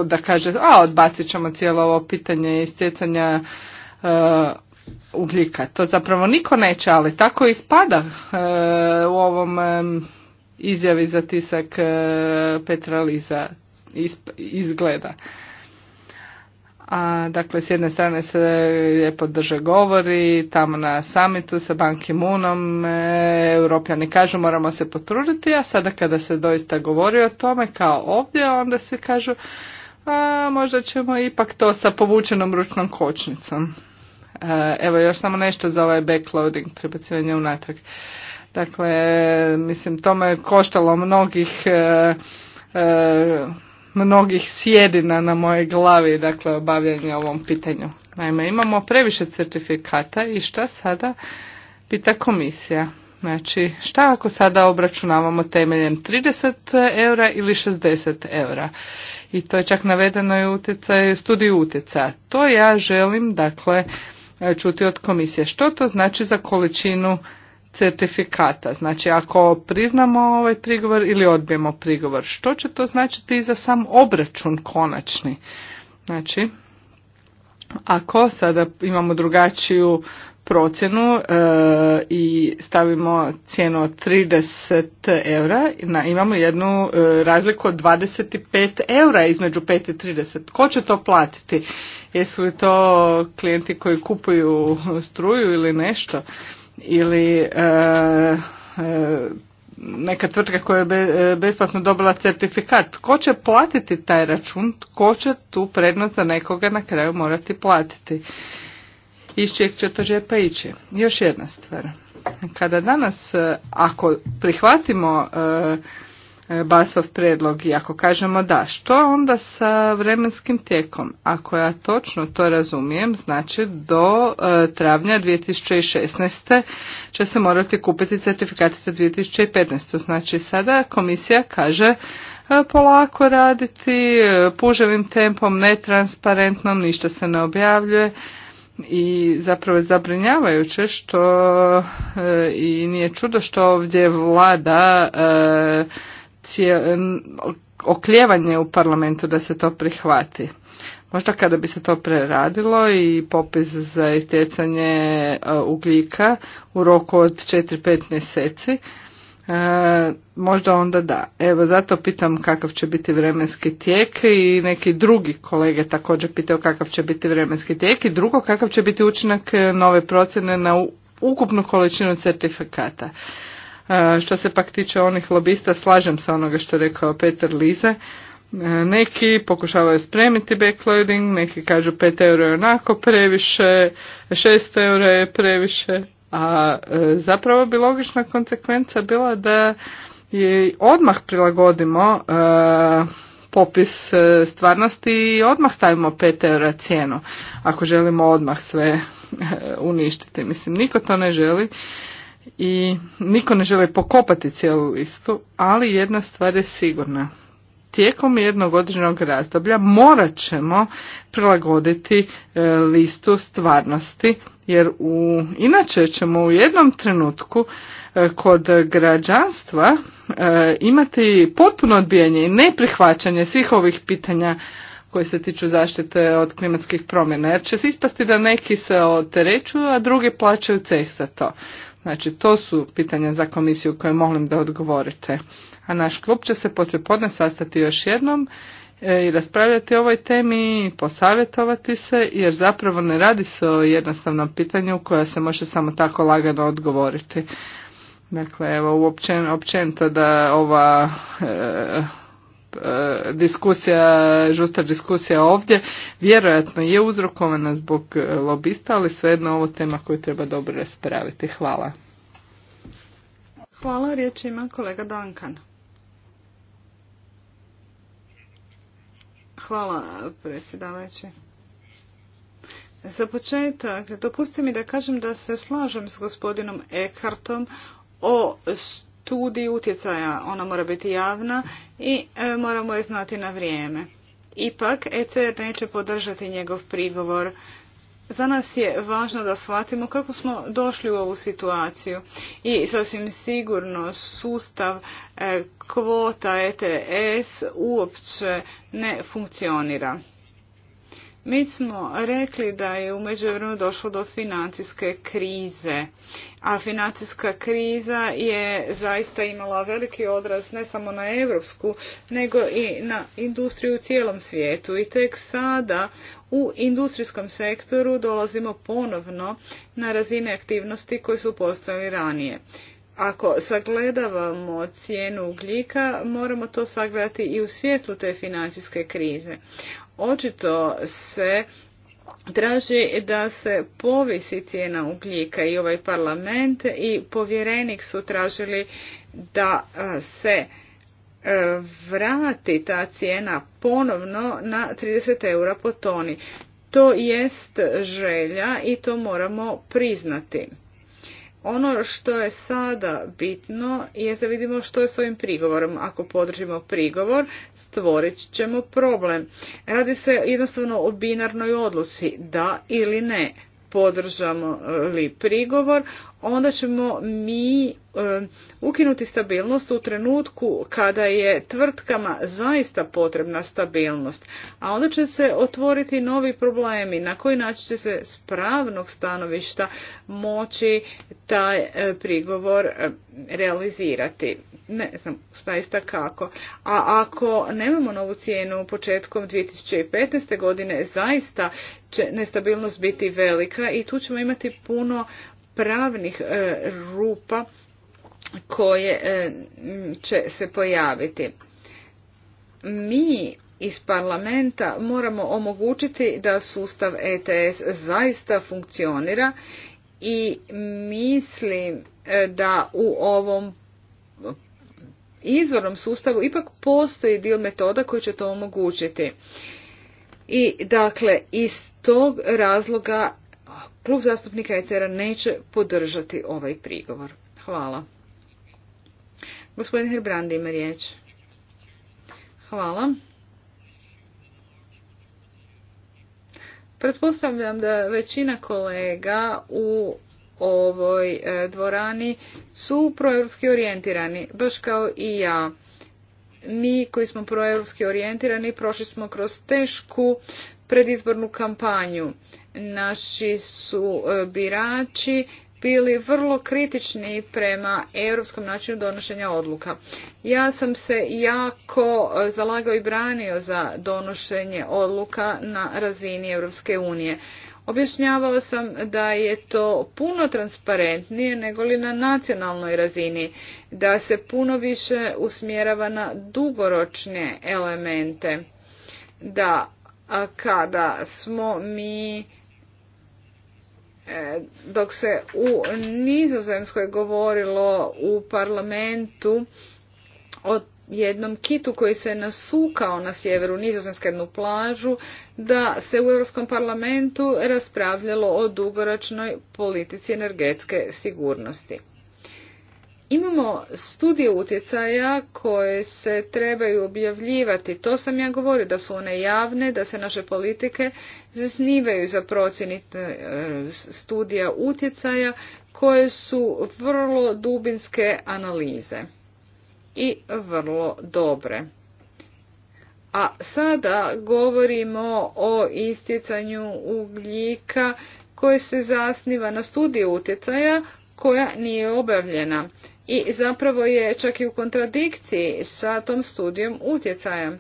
da kaže, a odbacit ćemo cijelo ovo pitanje i stjecanja... E, ugljika. To zapravo niko neće, ali tako ispada e, u ovom e, izjavi za tisak e, izgleda. A, dakle, s jedne strane se lijepo drže govori, tamo na samitu sa Banki Munom, e, Europljani kažu moramo se potruditi, a sada kada se doista govori o tome kao ovdje, onda svi kažu možda ćemo ipak to sa povučenom ručnom kočnicom. Eh, evo još samo nešto za ovaj backloading, prebacivanje unatrag. Dakle, mislim, to me koštalo mnogih eh, eh, mnogih sjedina na moje glavi, dakle, obavljanje ovom pitanju. Naime, imamo previše certifikata i šta sada pita komisija? Znači, šta ako sada obračunavamo temeljem 30 eura ili 60 eura? I to je čak navedeno i utjecaj, studiju utjecaja. To ja želim, dakle, E, čuti od komisije. Što to znači za količinu certifikata? Znači ako priznamo ovaj prigovor ili odbijemo prigovor, što će to značiti i za sam obračun konačni? Znači, ako sada imamo drugačiju procjenu eh, i stavimo cijenu od 30 eura, na, imamo jednu eh, razliku od 25 eura između 5 i 30. tko će to platiti? Jesu li to klijenti koji kupuju struju ili nešto? Ili e, neka tvrtka koja je besplatno dobila certifikat. tko će platiti taj račun? tko će tu prednost za nekoga na kraju morati platiti? iz čijeg će to džepa ići. Još jedna stvar. Kada danas, e, ako prihvatimo e, e, Basov predlog i ako kažemo da, što onda sa vremenskim tijekom? Ako ja točno to razumijem, znači do travnja 2016. će se morati kupiti certifikati za 2015. Znači sada komisija kaže polako raditi, puževim tempom, netransparentnom, ništa se ne objavljuje i zapravo je zabrinjavajuće što e, i nije čudo što ovdje vlada e, okljevanje u parlamentu da se to prihvati. Možda kada bi se to preradilo i popis za istjecanje e, ugljika u roku od 4-5 mjeseci, E, možda onda da. Evo zato pitam kakav će biti vremenski tijek i neki drugi kolege također pitao kakav će biti vremenski tijek i drugo kakav će biti učinak e, nove procjene na ukupnu količinu certifikata. E, što se pak tiče onih lobista, slažem se onoga što je rekao Peter Lize. E, neki pokušavaju spremiti backloading, neki kažu 5 euro je onako previše, 6 euro je previše. A e, zapravo bi logična konsekvenca bila da je odmah prilagodimo e, popis e, stvarnosti i odmah stavimo 5 eura cijenu. Ako želimo odmah sve uništiti. Mislim, niko to ne želi i niko ne želi pokopati cijelu listu, ali jedna stvar je sigurna. Tijekom jednog određenog razdoblja morat ćemo prilagoditi listu stvarnosti jer u, inače ćemo u jednom trenutku e, kod građanstva e, imati potpuno odbijanje i neprihvaćanje svih ovih pitanja koje se tiču zaštite od klimatskih promjena. Jer će se ispasti da neki se oterećuju, a drugi plaćaju ceh za to. Znači, to su pitanja za komisiju koje molim da odgovorite. A naš klub će se poslije podne sastati još jednom E, i raspravljati o ovoj temi i posavjetovati se jer zapravo ne radi se o jednostavnom pitanju koja se može samo tako lagano odgovoriti. Dakle, evo uopćen, općenito da ova e, e diskusija, žustra diskusija ovdje vjerojatno je uzrokovana zbog e, lobista, ali svejedno ovo tema koju treba dobro raspraviti. Hvala. Hvala, riječ ima kolega Dankan. Hvala predsjedavajući. Za početak, dopusti mi da kažem da se slažem s gospodinom Eckhartom o studiji utjecaja. Ona mora biti javna i e, moramo je znati na vrijeme. Ipak, ECR neće podržati njegov prigovor za nas je važno da shvatimo kako smo došli u ovu situaciju i sasvim sigurno sustav eh, kvota ETS uopće ne funkcionira. Mi smo rekli da je u međuvremenu došlo do financijske krize, a financijska kriza je zaista imala veliki odraz ne samo na europsku, nego i na industriju u cijelom svijetu. I tek sada u industrijskom sektoru dolazimo ponovno na razine aktivnosti koje su postojali ranije. Ako sagledavamo cijenu ugljika, moramo to sagledati i u svijetlu te financijske krize očito se traži da se povisi cijena ugljika i ovaj parlament i povjerenik su tražili da se e, vrati ta cijena ponovno na 30 eura po toni. To jest želja i to moramo priznati. Ono što je sada bitno je da vidimo što je s ovim prigovorom. Ako podržimo prigovor, stvorit ćemo problem. Radi se jednostavno o binarnoj odluci, da ili ne. Podržamo li prigovor, onda ćemo mi e, ukinuti stabilnost u trenutku kada je tvrtkama zaista potrebna stabilnost. A onda će se otvoriti novi problemi na koji način će se s pravnog stanovišta moći taj e, prigovor e, realizirati. Ne znam zaista kako. A ako nemamo novu cijenu početkom 2015. godine zaista će nestabilnost biti velika i tu ćemo imati puno pravnih e, rupa koje e, će se pojaviti. Mi iz parlamenta moramo omogućiti da sustav ETS zaista funkcionira i mislim e, da u ovom izvornom sustavu ipak postoji dio metoda koji će to omogućiti. I dakle, iz tog razloga klub zastupnika ECR-a neće podržati ovaj prigovor. Hvala. Gospodin Herbrandi ima riječ. Hvala. Pretpostavljam da većina kolega u ovoj e, dvorani su proevropski orijentirani, baš kao i ja. Mi koji smo proevropski orijentirani prošli smo kroz tešku predizbornu kampanju. Naši su e, birači bili vrlo kritični prema europskom načinu donošenja odluka. Ja sam se jako e, zalagao i branio za donošenje odluka na razini Europske unije. Objašnjavao sam da je to puno transparentnije nego li na nacionalnoj razini, da se puno više usmjerava na dugoročne elemente, da kada smo mi e, dok se u Nizozemskoj govorilo u parlamentu o jednom kitu koji se nasukao na sjeveru Nizozemske jednu plažu, da se u Europskom parlamentu raspravljalo o dugoročnoj politici energetske sigurnosti. Imamo studije utjecaja koje se trebaju objavljivati. To sam ja govorio, da su one javne, da se naše politike zasnivaju za procjenite studija utjecaja koje su vrlo dubinske analize i vrlo dobre. A sada govorimo o isticanju ugljika koje se zasniva na studiju utjecaja koja nije obavljena i zapravo je čak i u kontradikciji sa tom studijom utjecaja.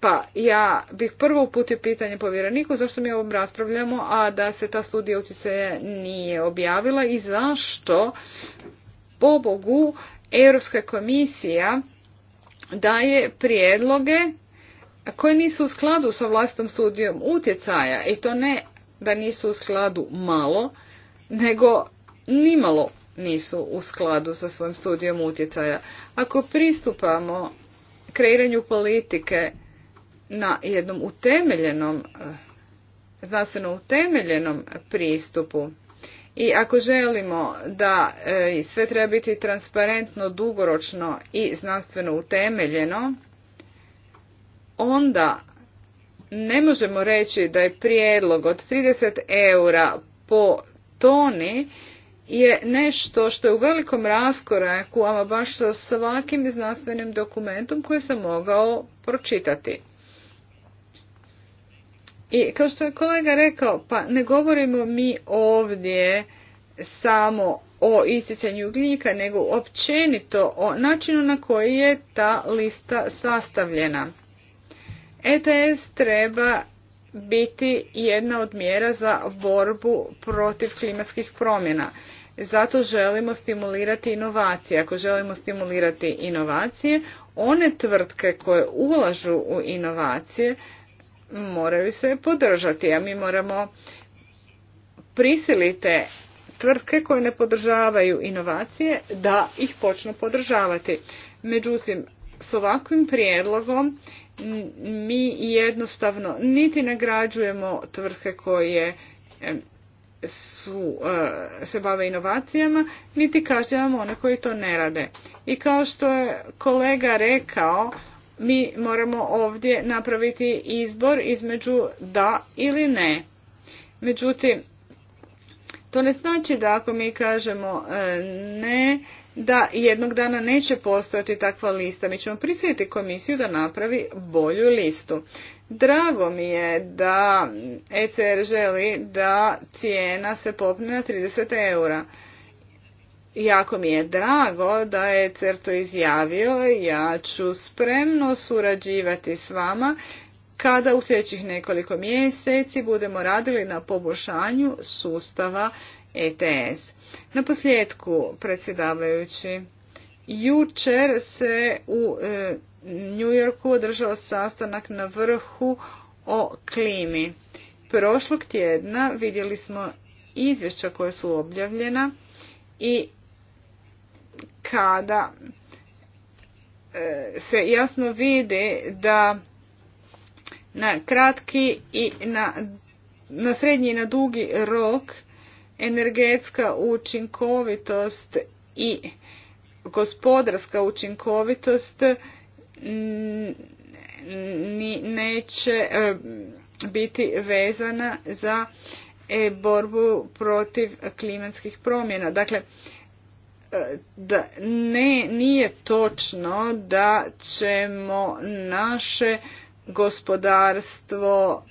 Pa ja bih prvo uputio pitanje povjereniku zašto mi ovom raspravljamo, a da se ta studija utjecaja nije objavila i zašto pobogu Europska komisija daje prijedloge koje nisu u skladu sa vlastitom studijom utjecaja i to ne da nisu u skladu malo, nego nimalo nisu u skladu sa svojim studijom utjecaja. Ako pristupamo kreiranju politike na jednom utemeljenom, eh, znanstveno utemeljenom pristupu i ako želimo da eh, sve treba biti transparentno, dugoročno i znanstveno utemeljeno, onda ne možemo reći da je prijedlog od 30 eura po toni je nešto što je u velikom raskoraku, ama baš sa svakim znanstvenim dokumentom koji sam mogao pročitati. I kao što je kolega rekao, pa ne govorimo mi ovdje samo o isticanju ugljika, nego općenito o načinu na koji je ta lista sastavljena. ETS treba biti jedna od mjera za borbu protiv klimatskih promjena. Zato želimo stimulirati inovacije. Ako želimo stimulirati inovacije, one tvrtke koje ulažu u inovacije moraju se podržati, a mi moramo prisilite tvrtke koje ne podržavaju inovacije da ih počnu podržavati. Međutim, s ovakvim prijedlogom mi jednostavno niti nagrađujemo tvrtke koje su, e, se bave inovacijama, niti kažnjavamo one koji to ne rade. I kao što je kolega rekao, mi moramo ovdje napraviti izbor između da ili ne. Međutim, to ne znači da ako mi kažemo e, ne, da jednog dana neće postojati takva lista. Mi ćemo prisjetiti komisiju da napravi bolju listu. Drago mi je da ECR želi da cijena se popne na 30 eura. Jako mi je drago da je ECR to izjavio. Ja ću spremno surađivati s vama kada u sljedećih nekoliko mjeseci budemo radili na poboljšanju sustava ETS. Na posljedku, predsjedavajući, jučer se u e, New Yorku održao sastanak na vrhu o klimi. Prošlog tjedna vidjeli smo izvješća koja su objavljena i kada e, se jasno vidi da na kratki i na, na srednji i na dugi rok energetska učinkovitost i gospodarska učinkovitost neće e, biti vezana za e, borbu protiv klimatskih promjena. Dakle, e, da ne, nije točno da ćemo naše gospodarstvo,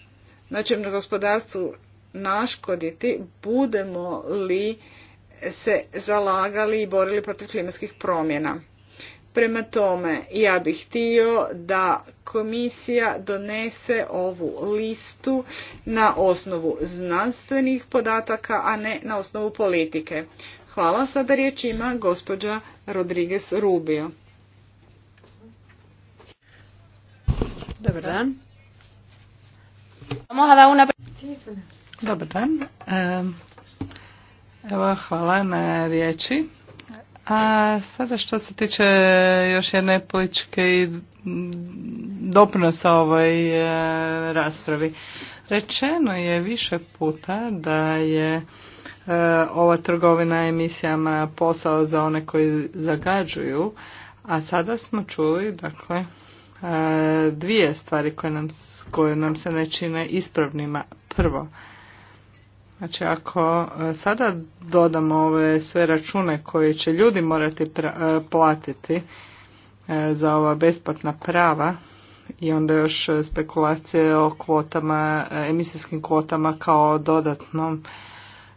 znači na gospodarstvu naškoditi budemo li se zalagali i borili protiv klimatskih promjena. Prema tome, ja bih htio da komisija donese ovu listu na osnovu znanstvenih podataka, a ne na osnovu politike. Hvala, sada riječ ima gospođa Rodriguez Rubio. Dobar dan. una... Dobar dan. Evo, hvala na riječi. A sada što se tiče još jedne političke doprinosa ovoj e, raspravi. Rečeno je više puta da je e, ova trgovina emisijama posao za one koji zagađuju, a sada smo čuli dakle e, dvije stvari koje nam, koje nam se ne čine ispravnima. Prvo, Znači ako e, sada dodamo ove sve račune koje će ljudi morati e, platiti e, za ova besplatna prava i onda još spekulacije o kvotama, emisijskim kvotama kao dodatnom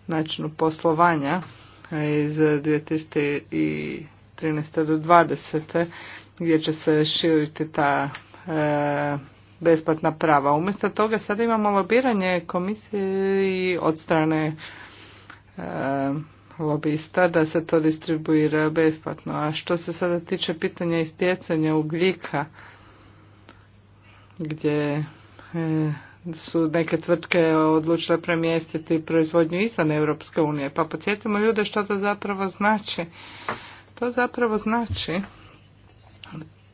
načinu poslovanja iz 2013. do 2020. gdje će se širiti ta besplatna prava. Umjesto toga sada imamo lobiranje komisije od strane e, lobista da se to distribuira besplatno. A što se sada tiče pitanja istjecanja ugljika gdje e, su neke tvrtke odlučile premjestiti proizvodnju izvan Europske unije. Pa podsjetimo ljude što to zapravo znači. To zapravo znači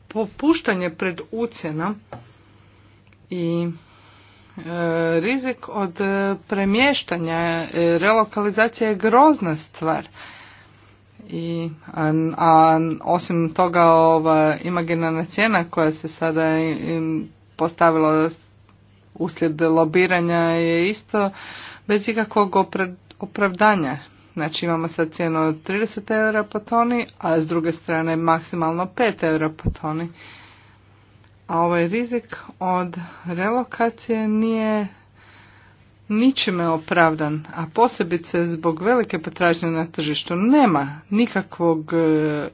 popuštanje pred ucjenom i e, rizik od e, premještanja, e, relokalizacija je grozna stvar. I, a, osim toga ova imaginarna cijena koja se sada postavila uslijed lobiranja je isto bez ikakvog opravdanja. Znači imamo sad cijenu od 30 eura po toni, a s druge strane maksimalno 5 eura po toni a ovaj rizik od relokacije nije ničime opravdan, a posebice zbog velike potražnje na tržištu nema nikakvog e, e,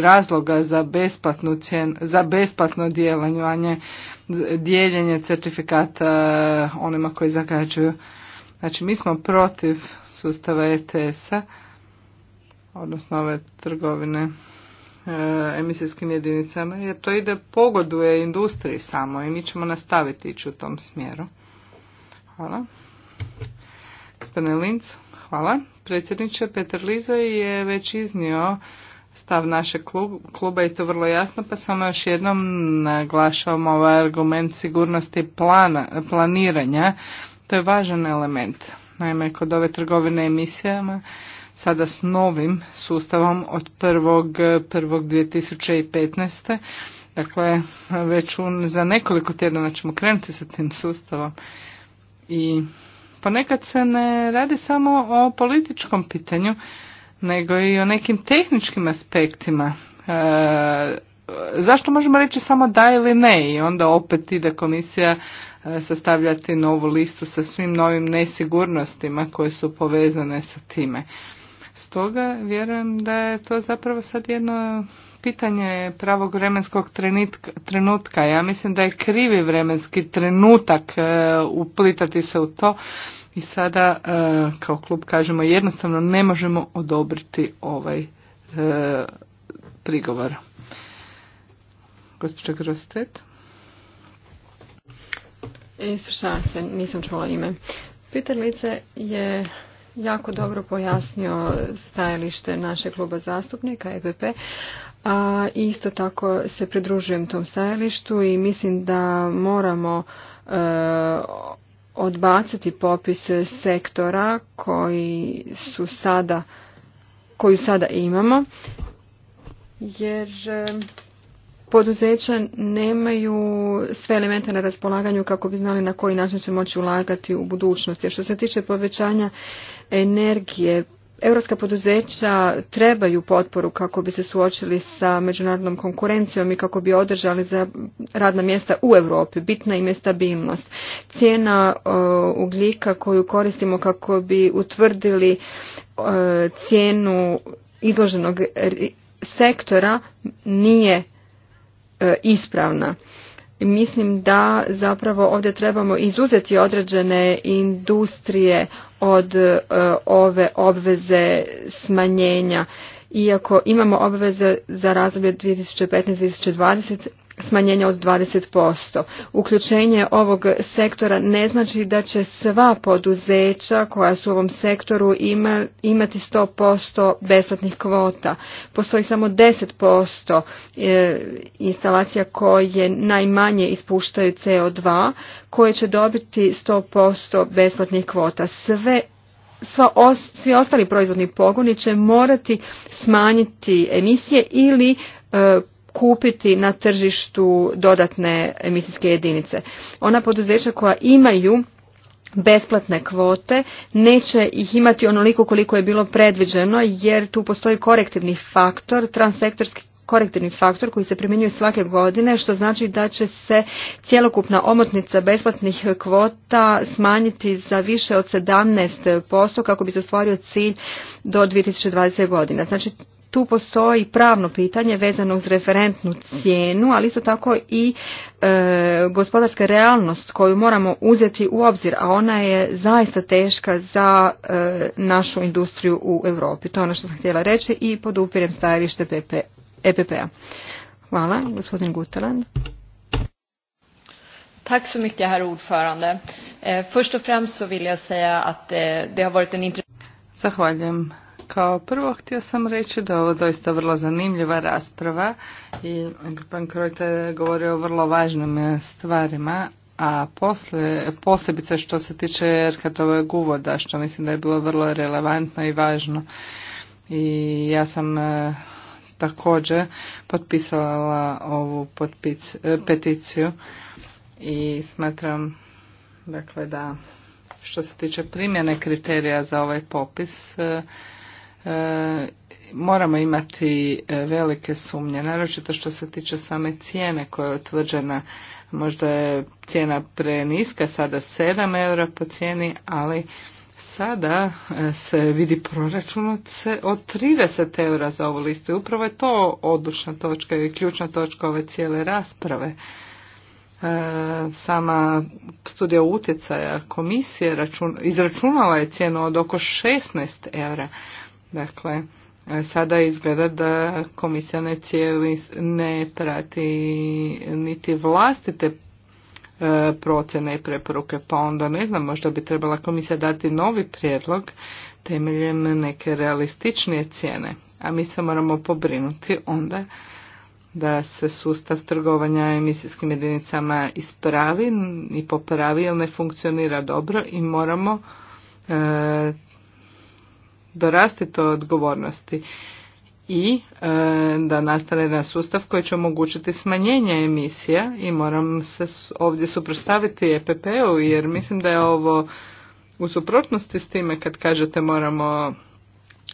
razloga za besplatnu cijen, za besplatno djelovanje, dijeljenje certifikata e, onima koji zagađuju. Znači mi smo protiv sustava ETS-a, odnosno ove trgovine E, emisijskim jedinicama jer to ide pogoduje industriji samo i mi ćemo nastaviti ići u tom smjeru. Hvala. Gospodine Linc, hvala. Predsjedniče, Petar Liza je već iznio stav našeg kluba i to vrlo jasno, pa samo još jednom naglašavam ovaj argument sigurnosti plana, planiranja. To je važan element. Naime, kod ove trgovine emisijama sada s novim sustavom od 1.1.2015. Dakle, već un, za nekoliko tjedana ćemo krenuti sa tim sustavom. I ponekad se ne radi samo o političkom pitanju, nego i o nekim tehničkim aspektima. E, zašto možemo reći samo da ili ne i onda opet ide komisija e, sastavljati novu listu sa svim novim nesigurnostima koje su povezane sa time. Stoga vjerujem da je to zapravo sad jedno pitanje pravog vremenskog trenutka. Ja mislim da je krivi vremenski trenutak e, uplitati se u to i sada e, kao klub kažemo jednostavno ne možemo odobriti ovaj e, prigovor. Gospođa Grostet. Ispričavam se, nisam čula ime. Lice je jako dobro pojasnio stajalište našeg kluba zastupnika EPP, a isto tako se pridružujem tom stajalištu i mislim da moramo e, odbaciti popis sektora koji su sada koju sada imamo jer poduzeća nemaju sve elemente na raspolaganju kako bi znali na koji način će moći ulagati u budućnosti. Što se tiče povećanja energije, Europska poduzeća trebaju potporu kako bi se suočili sa međunarodnom konkurencijom i kako bi održali za radna mjesta u Europi. Bitna im je stabilnost. Cijena e, ugljika koju koristimo kako bi utvrdili e, cijenu izloženog sektora nije E, ispravna. Mislim da zapravo ovdje trebamo izuzeti određene industrije od e, ove obveze smanjenja. Iako imamo obveze za razdoblje 2015-2020, smanjenja od 20%. Uključenje ovog sektora ne znači da će sva poduzeća koja su u ovom sektoru imati imati 100% besplatnih kvota. Postoji samo 10% e, instalacija koje najmanje ispuštaju CO2 koje će dobiti 100% besplatnih kvota. Sve svi ostali proizvodni pogoni će morati smanjiti emisije ili e, kupiti na tržištu dodatne emisijske jedinice. Ona poduzeća koja imaju besplatne kvote neće ih imati onoliko koliko je bilo predviđeno jer tu postoji korektivni faktor, transektorski korektivni faktor koji se primjenjuje svake godine što znači da će se cjelokupna omotnica besplatnih kvota smanjiti za više od 17% kako bi se ostvario cilj do 2020. godine. Znači tu postoji pravno pitanje vezano uz referentnu cijenu, ali isto tako i e, gospodarska realnost koju moramo uzeti u obzir, a ona je zaista teška za e, našu industriju u Europi. To je ono što sam htjela reći i podupirem stajalište EPP-a. Hvala, gospodin Guteland. Tack så mycket, herr ordförande. Eh, först och främst så vill jag säga att eh, det har varit en kao prvo htio sam reći da je ovo doista vrlo zanimljiva rasprava i pan Krojta je govorio o vrlo važnim e, stvarima, a posebice što se tiče Erkatovog uvoda, što mislim da je bilo vrlo relevantno i važno. I ja sam e, također potpisala ovu potpic, e, peticiju i smatram dakle da što se tiče primjene kriterija za ovaj popis E, moramo imati e, velike sumnje, naročito što se tiče same cijene koja je utvrđena. Možda je cijena preniska, sada 7 eura po cijeni, ali sada e, se vidi proračun od 30 eura za ovu listu. I upravo je to odlučna točka i ključna točka ove cijele rasprave. Sama studija utjecaja komisije izračunala je cijenu od oko 16 eura Dakle, sada izgleda da komisija ne cijeli ne prati niti vlastite e, procjene i preporuke, pa onda ne znam, možda bi trebala komisija dati novi prijedlog temeljem neke realističnije cijene. A mi se moramo pobrinuti onda da se sustav trgovanja emisijskim jedinicama ispravi i popravi jer ne funkcionira dobro i moramo e, Dorasti to odgovornosti i e, da nastane jedan sustav koji će omogućiti smanjenje emisija i moram se ovdje suprotstaviti EPP-u jer mislim da je ovo u suprotnosti s time kad kažete moramo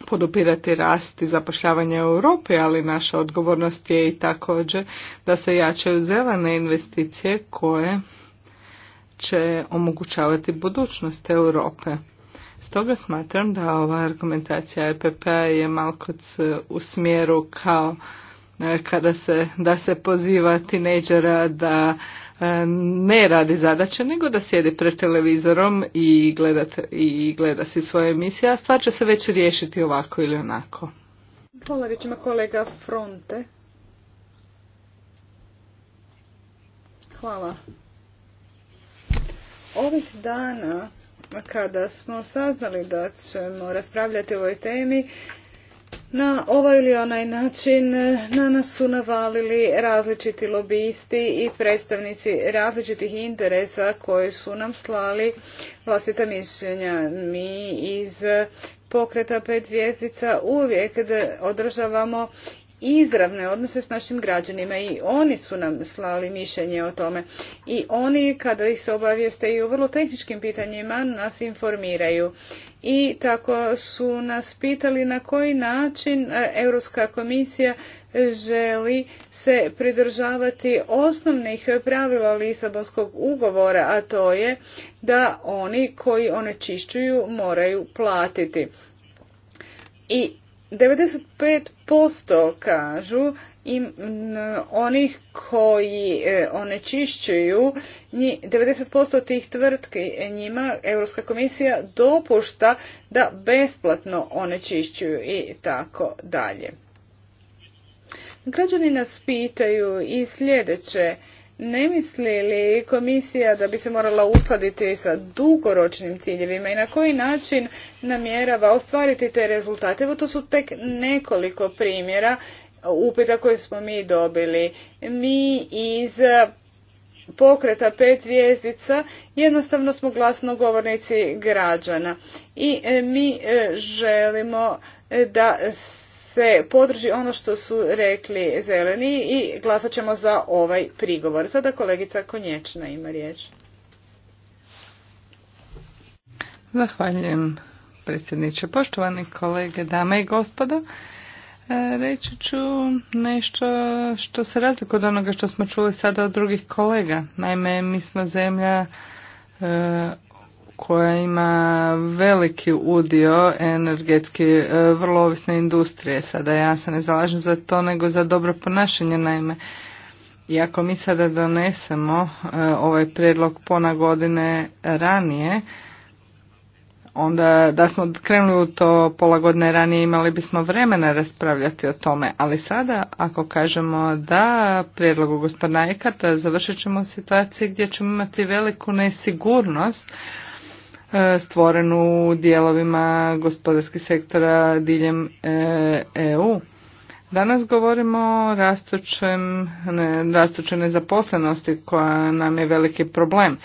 podupirati rast i zapošljavanje u Europi, ali naša odgovornost je i također da se jačaju zelene investicije koje će omogućavati budućnost Europe. Stoga smatram da ova argumentacija epp je malo e, u smjeru kao e, kada se, da se poziva tineđera da e, ne radi zadaće, nego da sjedi pred televizorom i gleda, i gleda si svoje emisije, a stvar će se već riješiti ovako ili onako. Hvala ima kolega Fronte. Hvala. Ovih dana kada smo saznali da ćemo raspravljati o ovoj temi, na ovaj ili onaj način na nas su navalili različiti lobisti i predstavnici različitih interesa koji su nam slali vlastita mišljenja. Mi iz pokreta pet zvijezdica uvijek održavamo izravne odnose s našim građanima i oni su nam slali mišljenje o tome i oni kada ih se obavijeste i o vrlo tehničkim pitanjima nas informiraju i tako su nas pitali na koji način e, Europska komisija želi se pridržavati osnovnih pravila Lisabonskog ugovora, a to je da oni koji onečišćuju moraju platiti. I 95% kažu im onih koji e, onečišćuju, 90% tih tvrtki e, njima Europska komisija dopušta da besplatno onečišćuju i tako dalje. Građani nas pitaju i sljedeće, ne misli li komisija da bi se morala uskladiti sa dugoročnim ciljevima i na koji način namjerava ostvariti te rezultate? Evo to su tek nekoliko primjera upita koje smo mi dobili. Mi iz pokreta pet zvijezdica jednostavno smo glasnogovornici građana i e, mi e, želimo e, da se dakle, podrži ono što su rekli zeleni i glasat ćemo za ovaj prigovor. Sada kolegica Konječna ima riječ. Zahvaljujem predsjedniče. Poštovani kolege, dame i gospodo, e, reći ću nešto što se razlikuje od onoga što smo čuli sada od drugih kolega. Naime, mi smo zemlja e, koja ima veliki udio energetski e, vrlo ovisne industrije. Sada ja se ne zalažem za to nego za dobro ponašanje naime. I ako mi sada donesemo e, ovaj prijedlog pona godine ranije, onda da smo krenuli u to pola godine ranije imali bismo vremena raspravljati o tome, ali sada ako kažemo da prijedlogu gospodina Ekata završit ćemo u situaciji gdje ćemo imati veliku nesigurnost E, stvoren u dijelovima gospodarskih sektora diljem EU. E Danas govorimo o rastućoj nezaposlenosti koja nam je veliki problem.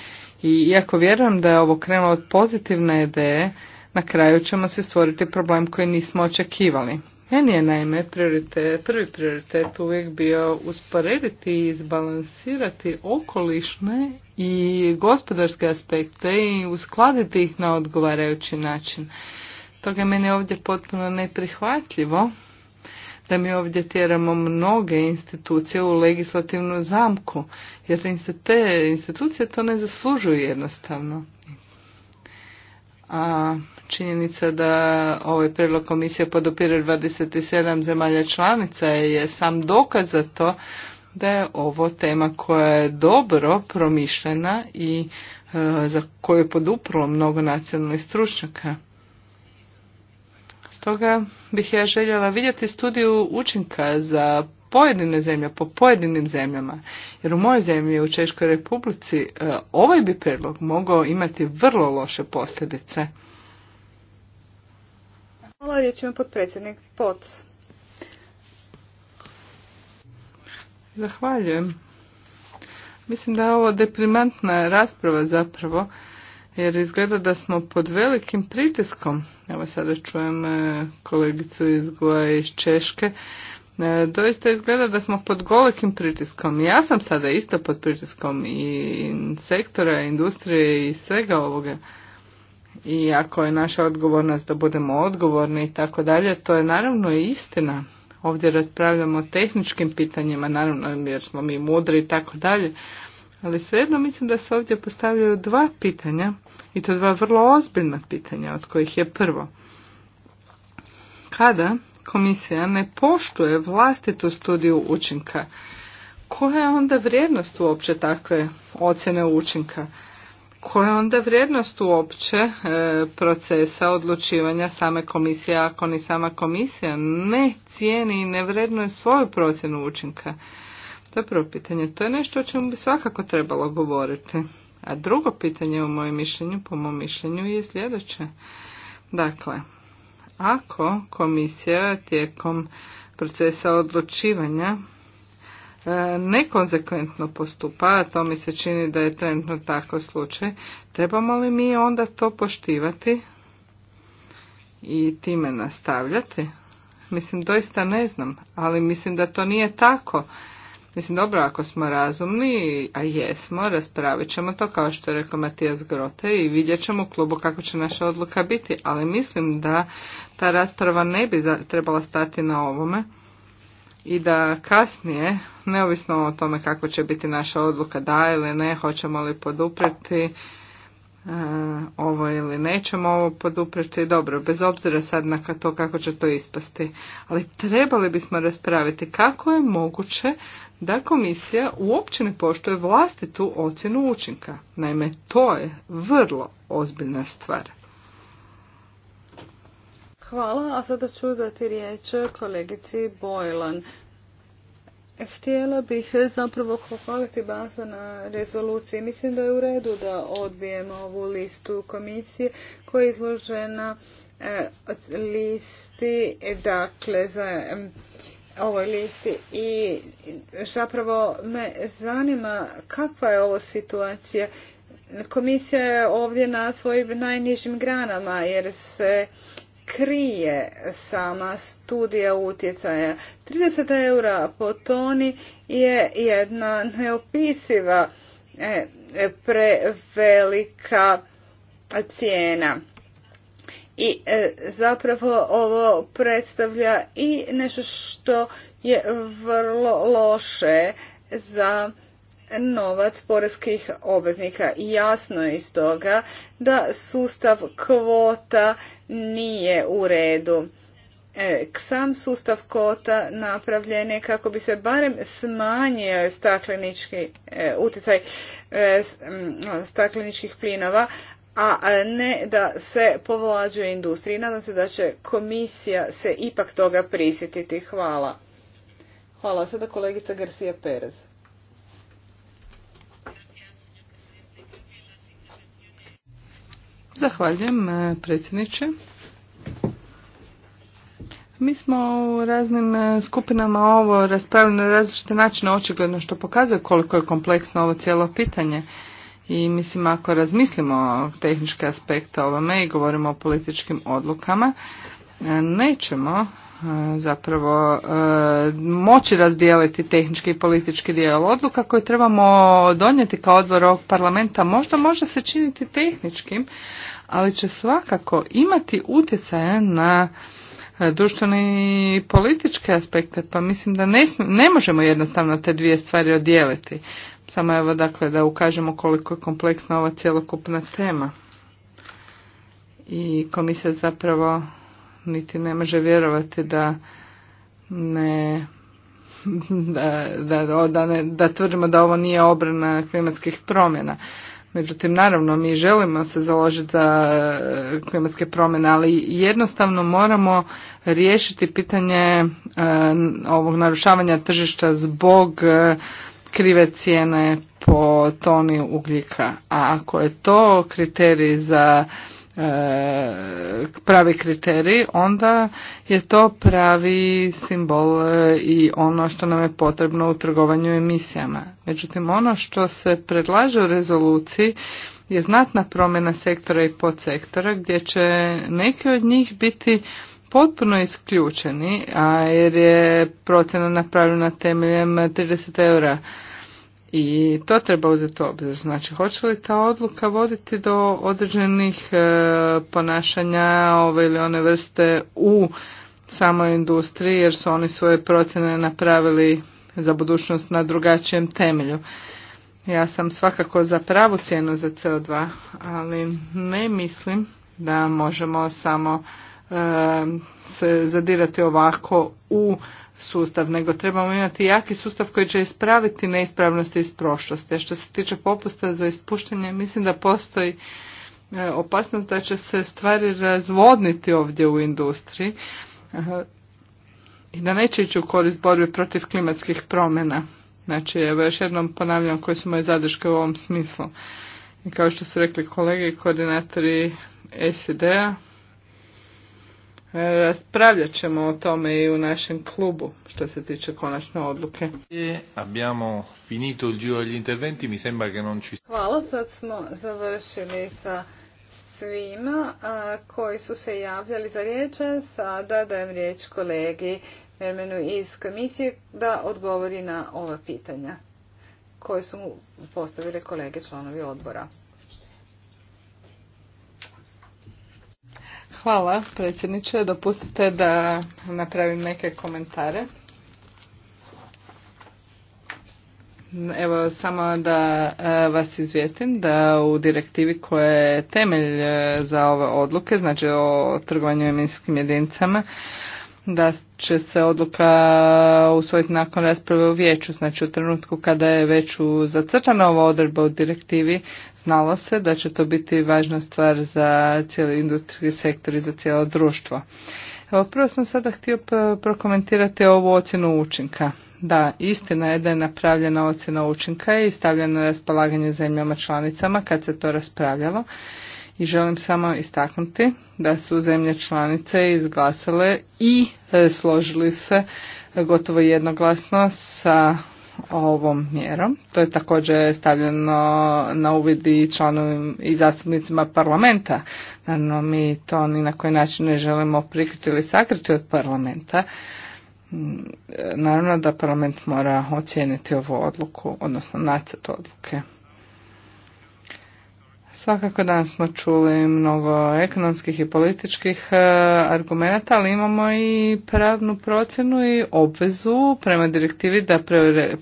I iako vjerujem da je ovo krenulo od pozitivne ideje, na kraju ćemo se stvoriti problem koji nismo očekivali. Meni je naime prioritet, prvi prioritet uvijek bio usporediti i izbalansirati okolišne i gospodarske aspekte i uskladiti ih na odgovarajući način. Stoga meni je ovdje potpuno neprihvatljivo da mi ovdje tjeramo mnoge institucije u legislativnu zamku, jer te institucije to ne zaslužuju jednostavno. A činjenica da ovaj prijedlog komisije podopire 27 zemalja članica je sam dokaz za to da je ovo tema koja je dobro promišljena i e, za koju je poduprlo mnogo nacionalnih stručnjaka. Stoga bih ja željela vidjeti studiju učinka za pojedine zemlje, po pojedinim zemljama. Jer u mojoj zemlji, u Češkoj republici, e, ovaj bi prijedlog mogao imati vrlo loše posljedice. Hvala ima potpredsjednik POC. Zahvaljujem. Mislim da je ovo deprimantna rasprava zapravo, jer izgleda da smo pod velikim pritiskom. Evo sada čujem e, kolegicu iz Goa iz Češke. E, doista izgleda da smo pod golikim pritiskom. Ja sam sada isto pod pritiskom i sektora, industrije i svega ovoga i ako je naša odgovornost da budemo odgovorni i tako dalje, to je naravno istina. Ovdje raspravljamo o tehničkim pitanjima, naravno jer smo mi mudri i tako dalje, ali svejedno mislim da se ovdje postavljaju dva pitanja i to dva vrlo ozbiljna pitanja od kojih je prvo. Kada komisija ne poštuje vlastitu studiju učinka, koja je onda vrijednost uopće takve ocjene učinka? koja je onda vrijednost uopće e, procesa odlučivanja same komisije ako ni sama komisija ne cijeni i ne vrednuje svoju procjenu učinka? To je prvo pitanje. To je nešto o čemu bi svakako trebalo govoriti. A drugo pitanje u mojem mišljenju, po mom mišljenju, je sljedeće. Dakle, ako komisija tijekom procesa odlučivanja E, nekonzekventno postupa, a to mi se čini da je trenutno tako slučaj, trebamo li mi onda to poštivati i time nastavljati? Mislim, doista ne znam, ali mislim da to nije tako. Mislim, dobro, ako smo razumni, a jesmo, raspravit ćemo to, kao što je rekao Matijas Grote, i vidjet ćemo u klubu kako će naša odluka biti, ali mislim da ta rasprava ne bi trebala stati na ovome, i da kasnije, neovisno o tome kako će biti naša odluka da ili ne, hoćemo li poduprijeti, e, ovo ili nećemo ovo poduprijeti, dobro, bez obzira sad na to kako će to ispasti. Ali trebali bismo raspraviti kako je moguće da komisija uopće ne poštuje vlastitu ocjenu učinka. Naime, to je vrlo ozbiljna stvar. Hvala, a sada ću dati riječ kolegici Bojlan. Htjela bih zapravo pohvaliti Baza na rezoluciji. Mislim da je u redu da odbijemo ovu listu komisije koja je izložena e, listi, dakle, za e, ovoj listi i zapravo me zanima kakva je ovo situacija. Komisija je ovdje na svojim najnižim granama jer se krije sama studija utjecaja. 30 eura po toni je jedna neopisiva e, e, prevelika cijena. I e, zapravo ovo predstavlja i nešto što je vrlo loše za novac poreskih obveznika. I jasno je iz toga da sustav kvota nije u redu. E, sam sustav kvota napravljen je kako bi se barem smanjio staklenički e, utjecaj e, stakleničkih plinova, a ne da se povlađuje industriji. Nadam se da će komisija se ipak toga prisjetiti. Hvala. Hvala. Sada kolegica Garcia Perez. Zahvaljujem e, predsjedniče. Mi smo u raznim e, skupinama ovo raspravili na različite načine, očigledno što pokazuje koliko je kompleksno ovo cijelo pitanje. I mislim ako razmislimo tehničke aspekte ovome i govorimo o političkim odlukama, e, nećemo zapravo moći razdijeliti tehnički i politički dio odluka koje trebamo donijeti kao odbor ovog parlamenta možda može se činiti tehničkim, ali će svakako imati utjecaja na e, društvene i političke aspekte, pa mislim da ne, ne možemo jednostavno te dvije stvari odijeliti. Samo evo dakle da ukažemo koliko je kompleksna ova cjelokupna tema. I komisija zapravo niti ne može vjerovati da ne da, da, da, da tvrdimo da ovo nije obrana klimatskih promjena. Međutim, naravno, mi želimo se založiti za e, klimatske promjene, ali jednostavno moramo riješiti pitanje e, ovog narušavanja tržišta zbog e, krive cijene po toni ugljika. A ako je to kriterij za E, pravi kriterij, onda je to pravi simbol e, i ono što nam je potrebno u trgovanju emisijama. Međutim, ono što se predlaže u rezoluciji je znatna promjena sektora i podsektora gdje će neki od njih biti potpuno isključeni, a jer je procjena napravljena temeljem 30 eura i to treba uzeti u obzir. Znači, hoće li ta odluka voditi do određenih e, ponašanja ove ili one vrste u samoj industriji, jer su oni svoje procjene napravili za budućnost na drugačijem temelju. Ja sam svakako za pravu cijenu za CO2, ali ne mislim da možemo samo e, se zadirati ovako u sustav, nego trebamo imati jaki sustav koji će ispraviti neispravnosti iz prošlosti. A što se tiče popusta za ispuštanje, mislim da postoji e, opasnost da će se stvari razvodniti ovdje u industriji i da neće ići u korist borbe protiv klimatskih promjena. Znači, evo još jednom ponavljam koje su moje zadrške u ovom smislu. I kao što su rekli kolege i koordinatori SID-a, Raspravljat ćemo o tome i u našem klubu što se tiče konačne odluke. E, abbiamo finito interventi, mi Hvala, sad smo završili sa svima koji su se javljali za riječ. Sada dajem riječ kolegi mermenu iz komisije da odgovori na ova pitanja koje su mu postavili kolege članovi odbora. Hvala predsjedniče. Dopustite da napravim neke komentare. Evo samo da e, vas izvijestim da u direktivi koja je temelj e, za ove odluke, znači o trgovanju emisijskim jedinicama, da će se odluka usvojiti nakon rasprave u vijeću. Znači u trenutku kada je već zacrtana ova odredba u direktivi, znalo se da će to biti važna stvar za cijeli industrijski sektor i za cijelo društvo. Evo, prvo sam sada htio prokomentirati ovu ocjenu učinka. Da, istina je da je napravljena ocjena učinka i stavljena na raspolaganje zemljama članicama kad se to raspravljalo. I želim samo istaknuti da su zemlje članice izglasale i e, složili se gotovo jednoglasno sa ovom mjerom. To je također stavljeno na uvid i članovim i zastupnicima parlamenta. Naravno, mi to ni na koji način ne želimo prikriti ili sakriti od parlamenta. Naravno da parlament mora ocijeniti ovu odluku, odnosno nacrt odluke. Svakako danas smo čuli mnogo ekonomskih i političkih e, argumenata, ali imamo i pravnu procjenu i obvezu prema direktivi da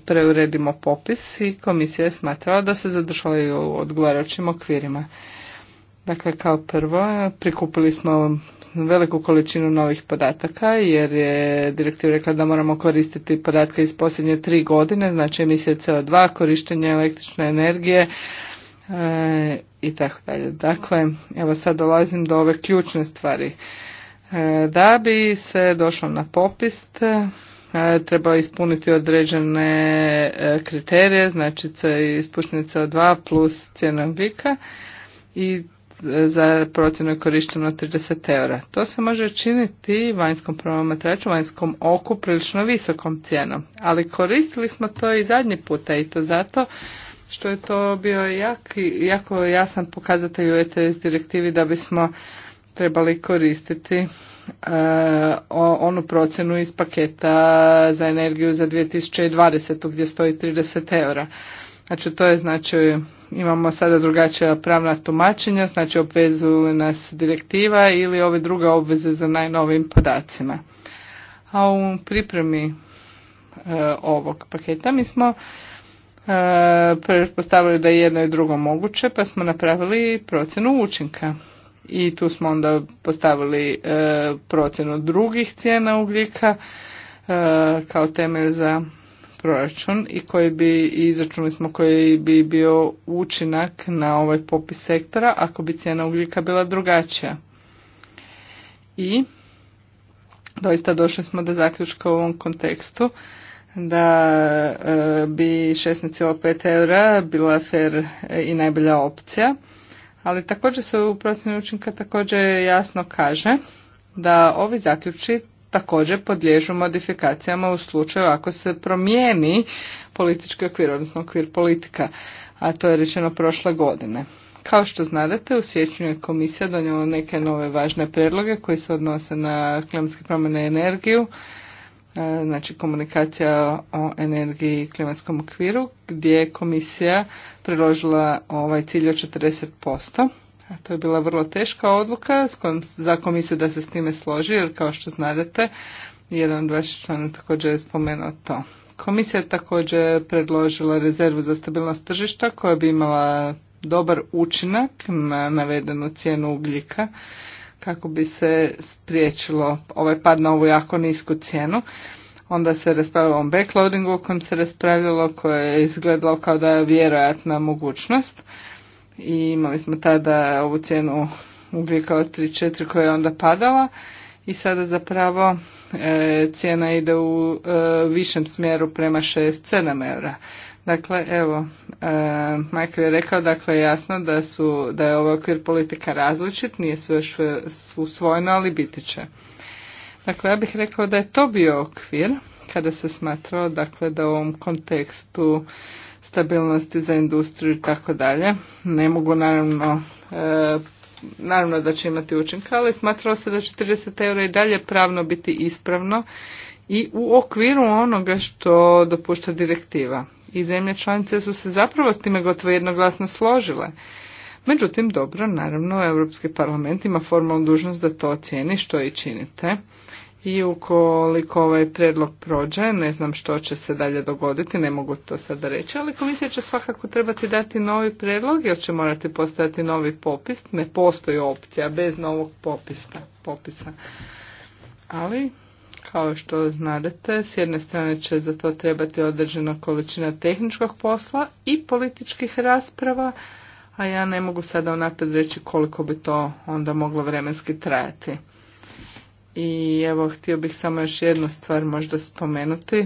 preuredimo popis i komisija je smatrala da se i u odgovarajućim okvirima. Dakle, kao prvo, prikupili smo veliku količinu novih podataka jer je direktiva rekla da moramo koristiti podatke iz posljednje tri godine, znači emisije CO2, korištenje električne energije, E, i tako dalje. Dakle, evo sad dolazim do ove ključne stvari. E, da bi se došlo na popis, e, treba ispuniti određene kriterije, znači ispušnje CO2 plus cijena vika i za procjenu je korišteno 30 eura. To se može činiti vanjskom promatraču, vanjskom oku prilično visokom cijenom, ali koristili smo to i zadnji puta i to zato što je to bio jak, jako jasan pokazatelj u ETS direktivi da bismo trebali koristiti e, onu procjenu iz paketa za energiju za 2020. gdje stoji 30 eura. Znači to je znači imamo sada drugačija pravna tumačenja, znači obvezuju nas direktiva ili ove druge obveze za najnovim podacima. A u pripremi e, ovog paketa mi smo E, pretpostavljaju da je jedno i drugo moguće, pa smo napravili procjenu učinka. I tu smo onda postavili e, procjenu drugih cijena ugljika e, kao temelj za proračun i koji bi izračunali smo koji bi bio učinak na ovaj popis sektora ako bi cijena ugljika bila drugačija. I doista došli smo do zaključka u ovom kontekstu da e, bi 16,5 eura bila fair i najbolja opcija. Ali također se u procjeni učinka također jasno kaže da ovi zaključi također podliježu modifikacijama u slučaju ako se promijeni politički okvir, odnosno okvir politika, a to je rečeno prošle godine. Kao što znadete, u siječnju je komisija donijela neke nove važne predloge koji se odnose na klimatske promjene i energiju, E, znači komunikacija o energiji i klimatskom okviru, gdje je komisija predložila ovaj cilj od 40%. A to je bila vrlo teška odluka s kojom, za komisiju da se s time složi, jer kao što znadete, jedan od vaših člana također je spomenuo to. Komisija je također predložila rezervu za stabilnost tržišta koja bi imala dobar učinak na navedenu cijenu ugljika kako bi se spriječilo ovaj pad na ovu jako nisku cijenu. Onda se raspravilo o ovom backloadingu o kojem se raspravilo, koje je izgledalo kao da je vjerojatna mogućnost. I imali smo tada ovu cijenu ugljika od 3-4 koja je onda padala i sada zapravo e, cijena ide u e, višem smjeru prema 6-7 eura. Dakle, evo, e, Michael je rekao, dakle, jasno da, su, da je ovaj okvir politika različit, nije sve još e, usvojeno, ali biti će. Dakle, ja bih rekao da je to bio okvir kada se smatrao, dakle, da u ovom kontekstu stabilnosti za industriju i tako dalje, ne mogu naravno e, naravno da će imati učinka, ali smatralo se da će 30 eura i dalje pravno biti ispravno i u okviru onoga što dopušta direktiva i zemlje članice su se zapravo s time gotovo jednoglasno složile. Međutim, dobro, naravno, Europski parlament ima formalnu dužnost da to ocijeni što i činite. I ukoliko ovaj predlog prođe, ne znam što će se dalje dogoditi, ne mogu to sada reći, ali komisija će svakako trebati dati novi predlog jer će morati postaviti novi popis. Ne postoji opcija bez novog popisa. popisa. Ali kao što znadete, s jedne strane će za to trebati određena količina tehničkog posla i političkih rasprava, a ja ne mogu sada unaprijed reći koliko bi to onda moglo vremenski trajati. I evo, htio bih samo još jednu stvar možda spomenuti.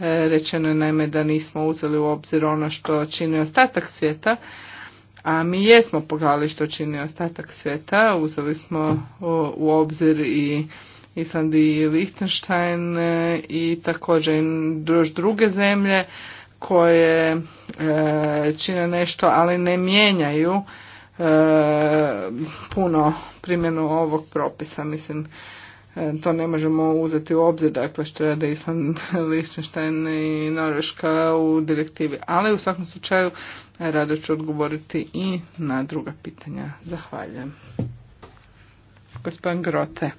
E, rečeno je naime da nismo uzeli u obzir ono što čini ostatak svijeta, a mi jesmo pogledali što čini ostatak svijeta, uzeli smo u obzir i Island i Liechtenstein eh, i također još druge zemlje koje eh, čine nešto, ali ne mijenjaju eh, puno primjenu ovog propisa. Mislim, to ne možemo uzeti u obzir, dakle što da Island, Lichtenstein i Norveška u direktivi. Ali u svakom slučaju rado ću odgovoriti i na druga pitanja. Zahvaljujem. Gospodin Grote.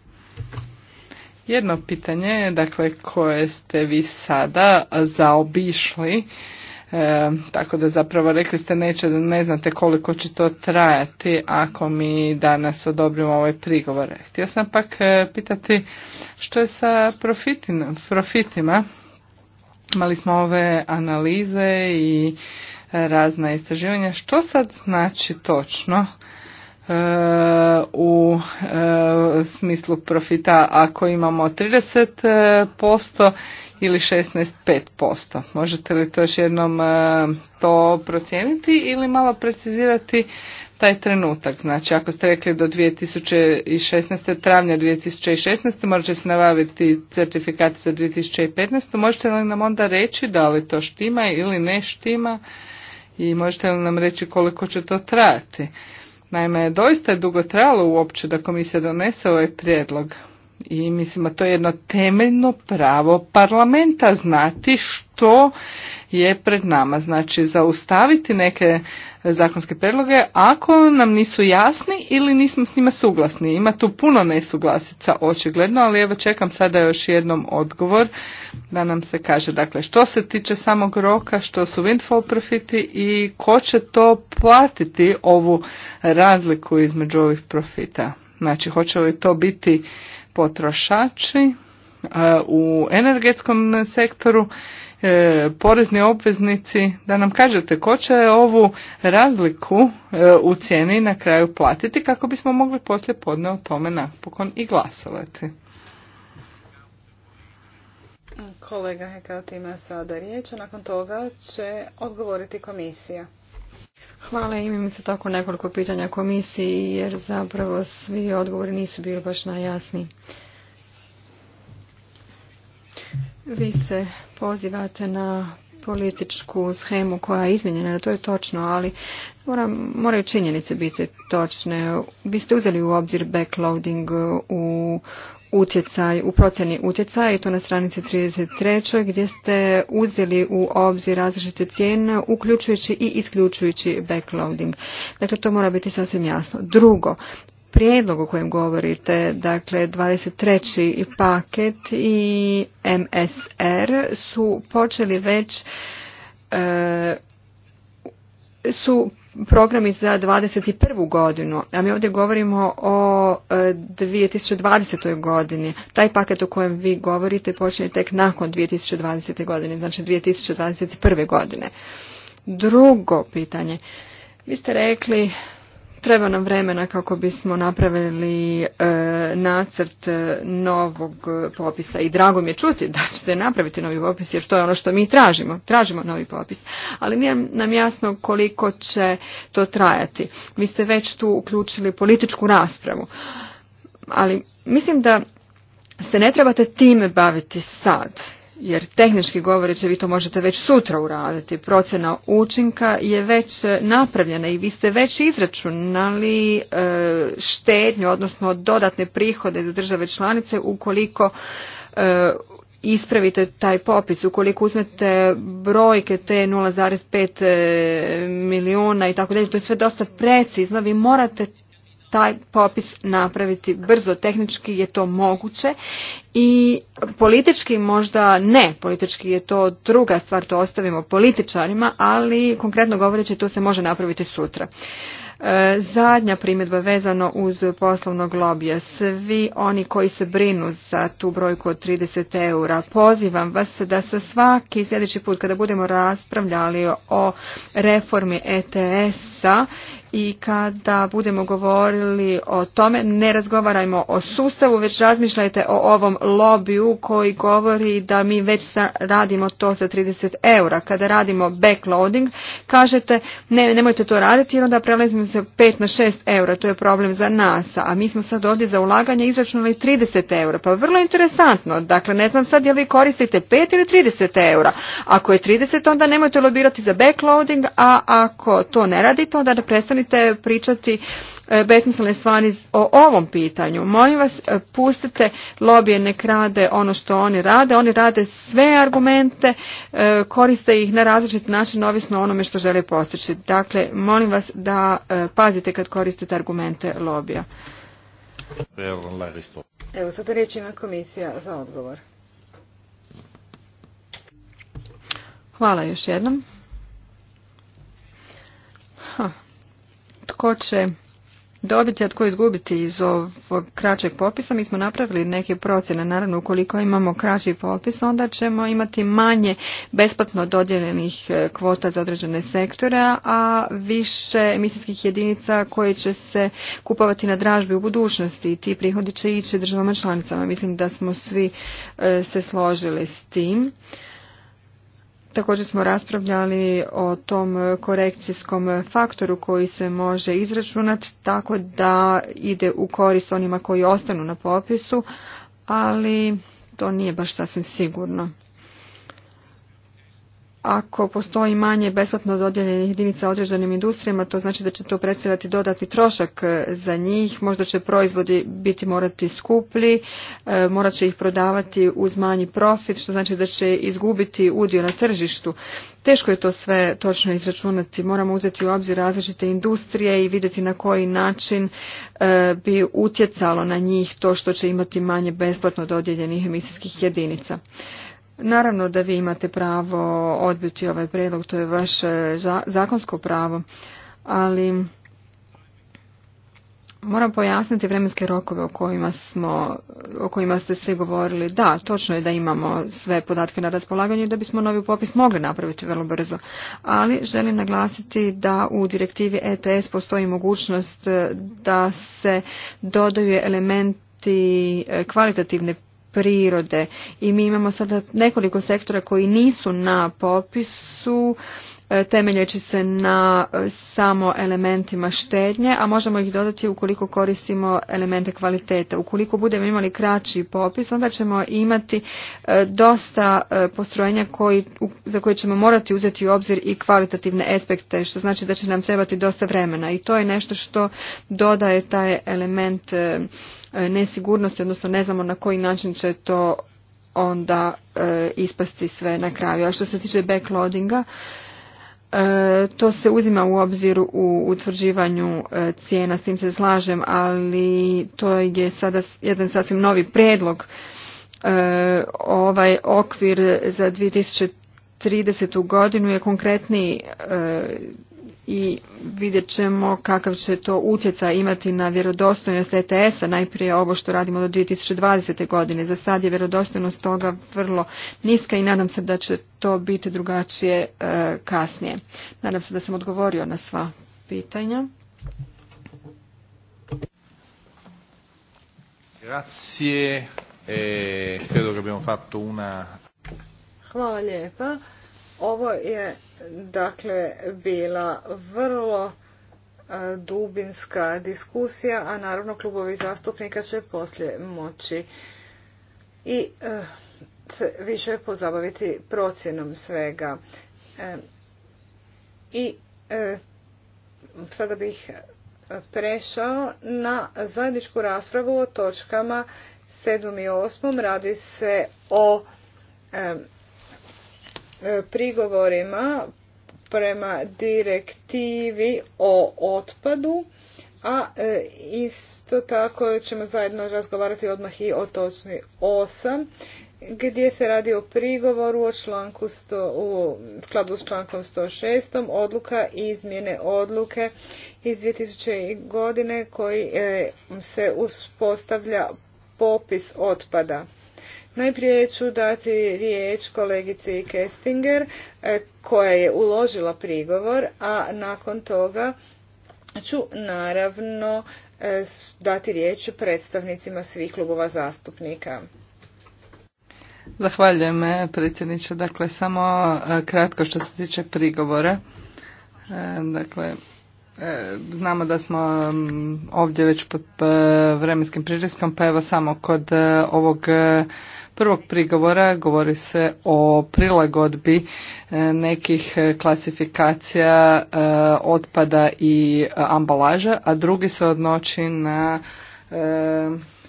Jedno pitanje, dakle, koje ste vi sada zaobišli, e, tako da zapravo rekli ste neće, ne znate koliko će to trajati ako mi danas odobrimo ovaj prigovor. Htio sam pak e, pitati što je sa profitima, profitima. Imali smo ove analize i razna istraživanja. Što sad znači točno? E, u e, smislu profita ako imamo 30% e, ili 16,5%. Možete li to još jednom to procijeniti ili malo precizirati taj trenutak? Znači ako ste rekli do 2016. travnja 2016. morat će se nabaviti certifikat za 2015. Možete li nam onda reći da li to štima ili ne štima i možete li nam reći koliko će to trajati? Naime, doista je dugo trebalo uopće da komisija donese ovaj prijedlog. I mislim, to je jedno temeljno pravo parlamenta znati što je pred nama. Znači, zaustaviti neke zakonske predloge ako nam nisu jasni ili nismo s njima suglasni. Ima tu puno nesuglasica očigledno, ali evo čekam sada još jednom odgovor da nam se kaže dakle što se tiče samog roka, što su windfall profiti i ko će to platiti ovu razliku između ovih profita. Znači hoće li to biti potrošači uh, u energetskom sektoru e, porezni obveznici da nam kažete ko će ovu razliku e, u cijeni na kraju platiti kako bismo mogli poslije podne o tome napokon i glasovati. Kolega Hekaut ima sada riječ, a nakon toga će odgovoriti komisija. Hvala, imam se tako nekoliko pitanja komisiji jer zapravo svi odgovori nisu bili baš najjasni. Vi se pozivate na političku schemu koja je izmijenjena, to je točno, ali moraju činjenice biti točne. Vi ste uzeli u obzir backloading u utjecaj, u procjeni utjecaja i to na stranici 33. gdje ste uzeli u obzir različite cijene, uključujući i isključujući backloading. Dakle, to mora biti sasvim jasno. Drugo, prijedlog o kojem govorite, dakle 23. paket i MSR su počeli već e, su programi za 2021. godinu, a mi ovdje govorimo o 2020. E, godini. Taj paket o kojem vi govorite počinje tek nakon 2020. godine, znači 2021. godine. Drugo pitanje. Vi ste rekli Treba nam vremena kako bismo napravili e, nacrt novog popisa i drago mi je čuti da ćete napraviti novi popis jer to je ono što mi tražimo. Tražimo novi popis, ali nije nam jasno koliko će to trajati. Vi ste već tu uključili političku raspravu, ali mislim da se ne trebate time baviti sad jer tehnički govoreći vi to možete već sutra uraditi. Procjena učinka je već e, napravljena i vi ste već izračunali e, štednju, odnosno dodatne prihode za države članice ukoliko e, ispravite taj popis. Ukoliko uzmete brojke te 0,5 milijuna i tako dalje, to je sve dosta precizno. Vi morate taj popis napraviti brzo. Tehnički je to moguće i politički možda ne. Politički je to druga stvar, to ostavimo političarima, ali konkretno govoreći to se može napraviti sutra. E, zadnja primjedba vezano uz poslovnog lobija. Svi oni koji se brinu za tu brojku od 30 eura, pozivam vas da se svaki sljedeći put kada budemo raspravljali o reformi ETS-a i kada budemo govorili o tome ne razgovarajmo o sustavu već razmišljajte o ovom lobiju koji govori da mi već radimo to za 30 eura kada radimo backloading kažete ne nemojte to raditi jer onda prelazimo se 5 na 6 eura to je problem za nas a mi smo sad ovdje za ulaganje izračunali 30 eura pa vrlo interesantno dakle ne znam sad je li vi koristite 5 ili 30 eura ako je 30 onda nemojte lobirati za backloading a ako to ne radite onda ne prestane prestanite pričati e, besmislene stvari o ovom pitanju. Molim vas, e, pustite lobije, nek rade ono što oni rade. Oni rade sve argumente, e, koriste ih na različit način, ovisno onome što žele postići. Dakle, molim vas da pazite kad koristite argumente lobija. Evo, sada riječ ima komisija za odgovor. Hvala još jednom. tko će dobiti, a tko izgubiti iz ovog kraćeg popisa. Mi smo napravili neke procjene. Naravno, ukoliko imamo kraći popis, onda ćemo imati manje besplatno dodjeljenih e, kvota za određene sektore, a više emisijskih jedinica koje će se kupovati na dražbi u budućnosti. Ti prihodi će ići državama članicama. Mislim da smo svi e, se složili s tim. Također smo raspravljali o tom korekcijskom faktoru koji se može izračunati tako da ide u korist onima koji ostanu na popisu, ali to nije baš sasvim sigurno ako postoji manje besplatno dodijeljenih jedinica određenim industrijama, to znači da će to predstavljati dodatni trošak e, za njih, možda će proizvodi biti morati skuplji, e, morat će ih prodavati uz manji profit, što znači da će izgubiti udio na tržištu. Teško je to sve točno izračunati, moramo uzeti u obzir različite industrije i vidjeti na koji način e, bi utjecalo na njih to što će imati manje besplatno dodijeljenih emisijskih jedinica. Naravno da vi imate pravo odbiti ovaj prijedlog, to je vaše zakonsko pravo, ali moram pojasniti vremenske rokove o kojima, smo, o kojima ste svi govorili. Da, točno je da imamo sve podatke na raspolaganju i da bismo novi popis mogli napraviti vrlo brzo. Ali želim naglasiti da u direktivi ETS postoji mogućnost da se dodaju elementi e, kvalitativne prirode i mi imamo sada nekoliko sektora koji nisu na popisu E, temeljeći se na e, samo elementima štednje, a možemo ih dodati ukoliko koristimo elemente kvalitete. Ukoliko budemo imali kraći popis, onda ćemo imati e, dosta postrojenja koji, za koje ćemo morati uzeti u obzir i kvalitativne aspekte, što znači da će nam trebati dosta vremena i to je nešto što dodaje taj element nesigurnosti, odnosno ne znamo na koji način će to onda ispasti sve na kraju. A što se tiče backloadinga, E, to se uzima u obzir u utvrđivanju e, cijena, s tim se slažem, ali to je sada jedan sasvim novi predlog. E, ovaj okvir za 2030. godinu je konkretniji i vidjet ćemo kakav će to utjecaj imati na vjerodostojnost ETS-a, najprije ovo što radimo do 2020. godine. Za sad je vjerodostojnost toga vrlo niska i nadam se da će to biti drugačije e, kasnije. Nadam se da sam odgovorio na sva pitanja. Grazie, e, credo che abbiamo fatto una... Hvala lijepa. Ovo je dakle bila vrlo e, dubinska diskusija, a naravno klubovi zastupnika će poslije moći i e, se više pozabaviti procjenom svega. E, I sada bih prešao na zajedničku raspravu o točkama 7. i 8. Radi se o E, prigovorima prema direktivi o otpadu, a e, isto tako ćemo zajedno razgovarati odmah i o točni 8 gdje se radi o prigovoru o članku 100, u skladu s člankom 106. odluka i izmjene odluke iz 2000. godine koji e, se uspostavlja popis otpada. Najprije ću dati riječ kolegici Kestinger e, koja je uložila prigovor, a nakon toga ću naravno e, dati riječ predstavnicima svih klubova zastupnika. Zahvaljujem e, predsjedniče. Dakle, samo kratko što se tiče prigovora. Dakle, znamo da smo ovdje već pod vremenskim pritiskom, pa evo samo kod ovog prvog prigovora govori se o prilagodbi e, nekih e, klasifikacija e, otpada i ambalaža, a drugi se odnosi na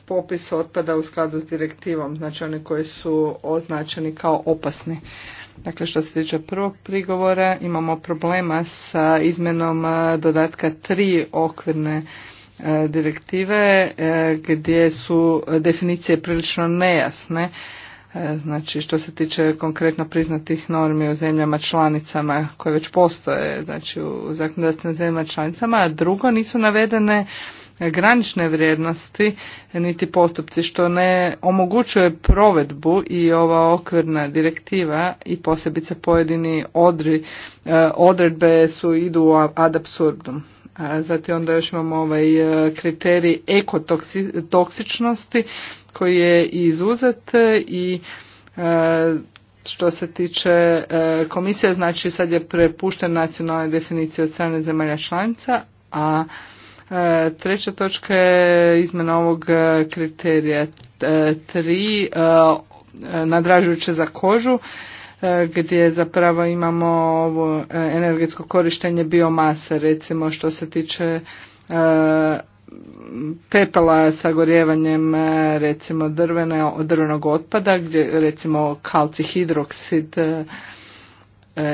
popis otpada u skladu s direktivom, znači oni koji su označeni kao opasni. Dakle, što se tiče prvog prigovora, imamo problema sa izmenom dodatka tri okvirne E, direktive e, gdje su definicije prilično nejasne. E, znači što se tiče konkretno priznatih normi u zemljama članicama koje već postoje, znači u zakonodavstvenim zemljama članicama, a drugo nisu navedene granične vrijednosti niti postupci što ne omogućuje provedbu i ova okvirna direktiva i posebice pojedini odri, odredbe su idu ad absurdum. Zatim onda još imamo ovaj e, kriterij ekotoksičnosti koji je izuzet i e, što se tiče e, komisije, znači sad je prepušten nacionalna definicija od strane zemalja članica, a treća točka je izmjena ovog kriterija tri nadražujuće za kožu E, gdje zapravo imamo ovo e, energetsko korištenje biomase, recimo što se tiče e, pepela sa gorjevanjem recimo drvene, drvenog otpada gdje recimo kalcihidroksid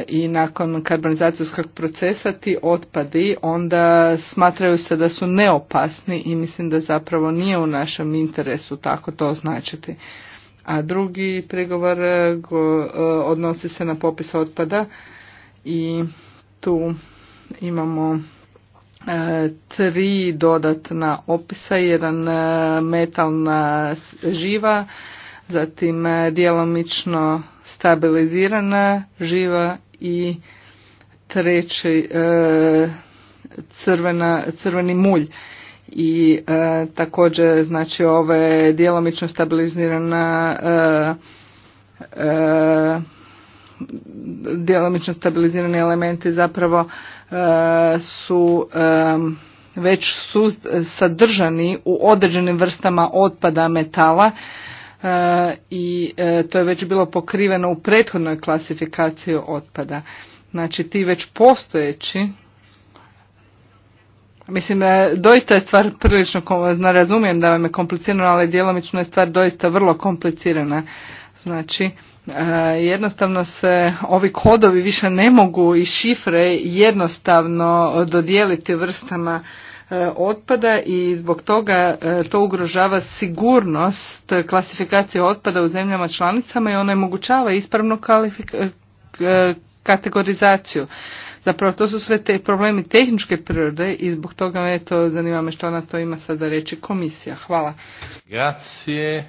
i nakon karbonizacijskog procesa ti otpadi onda smatraju se da su neopasni i mislim da zapravo nije u našem interesu tako to označiti. A drugi prigovor e, e, odnosi se na popis otpada i tu imamo e, tri dodatna opisa, jedan metalna živa, zatim djelomično stabilizirana živa i treći crvena, crveni mulj i e, također znači ove djelomično stabilizirana e, e djelomično stabilizirani elementi zapravo e, su već su sadržani u određenim vrstama otpada metala i to je već bilo pokriveno u prethodnoj klasifikaciji otpada. Znači ti već postojeći Mislim, e, doista je stvar prilično, razumijem da vam je komplicirano, ali djelomično je stvar doista vrlo komplicirana. Znači, e, jednostavno se ovi kodovi više ne mogu i šifre jednostavno dodijeliti vrstama e, otpada i zbog toga to ugrožava sigurnost klasifikacije otpada u zemljama članicama i onemogućava ispravnu kategorizaciju. Zapravo to su sve te problemi tehničke prirode i zbog toga to zanima me što ona to ima sada reći komisija. Hvala. Grazie.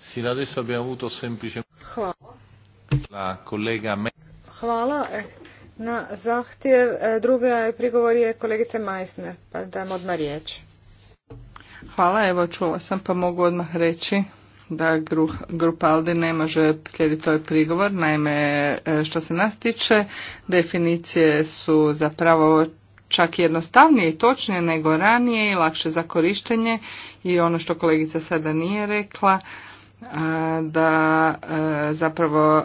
Si adesso abbiamo avuto semplicemente Hvala. La Hvala. E, na zahtjev e, druga prigovor je kolegice Majsne, pa dam odmah riječ. Hvala, evo čula sam pa mogu odmah reći da grupa Aldi ne može slijediti ovaj prigovor. Naime, e, što se nas tiče, definicije su zapravo čak jednostavnije i točnije nego ranije i lakše za korištenje i ono što kolegica sada nije rekla, da e, zapravo e,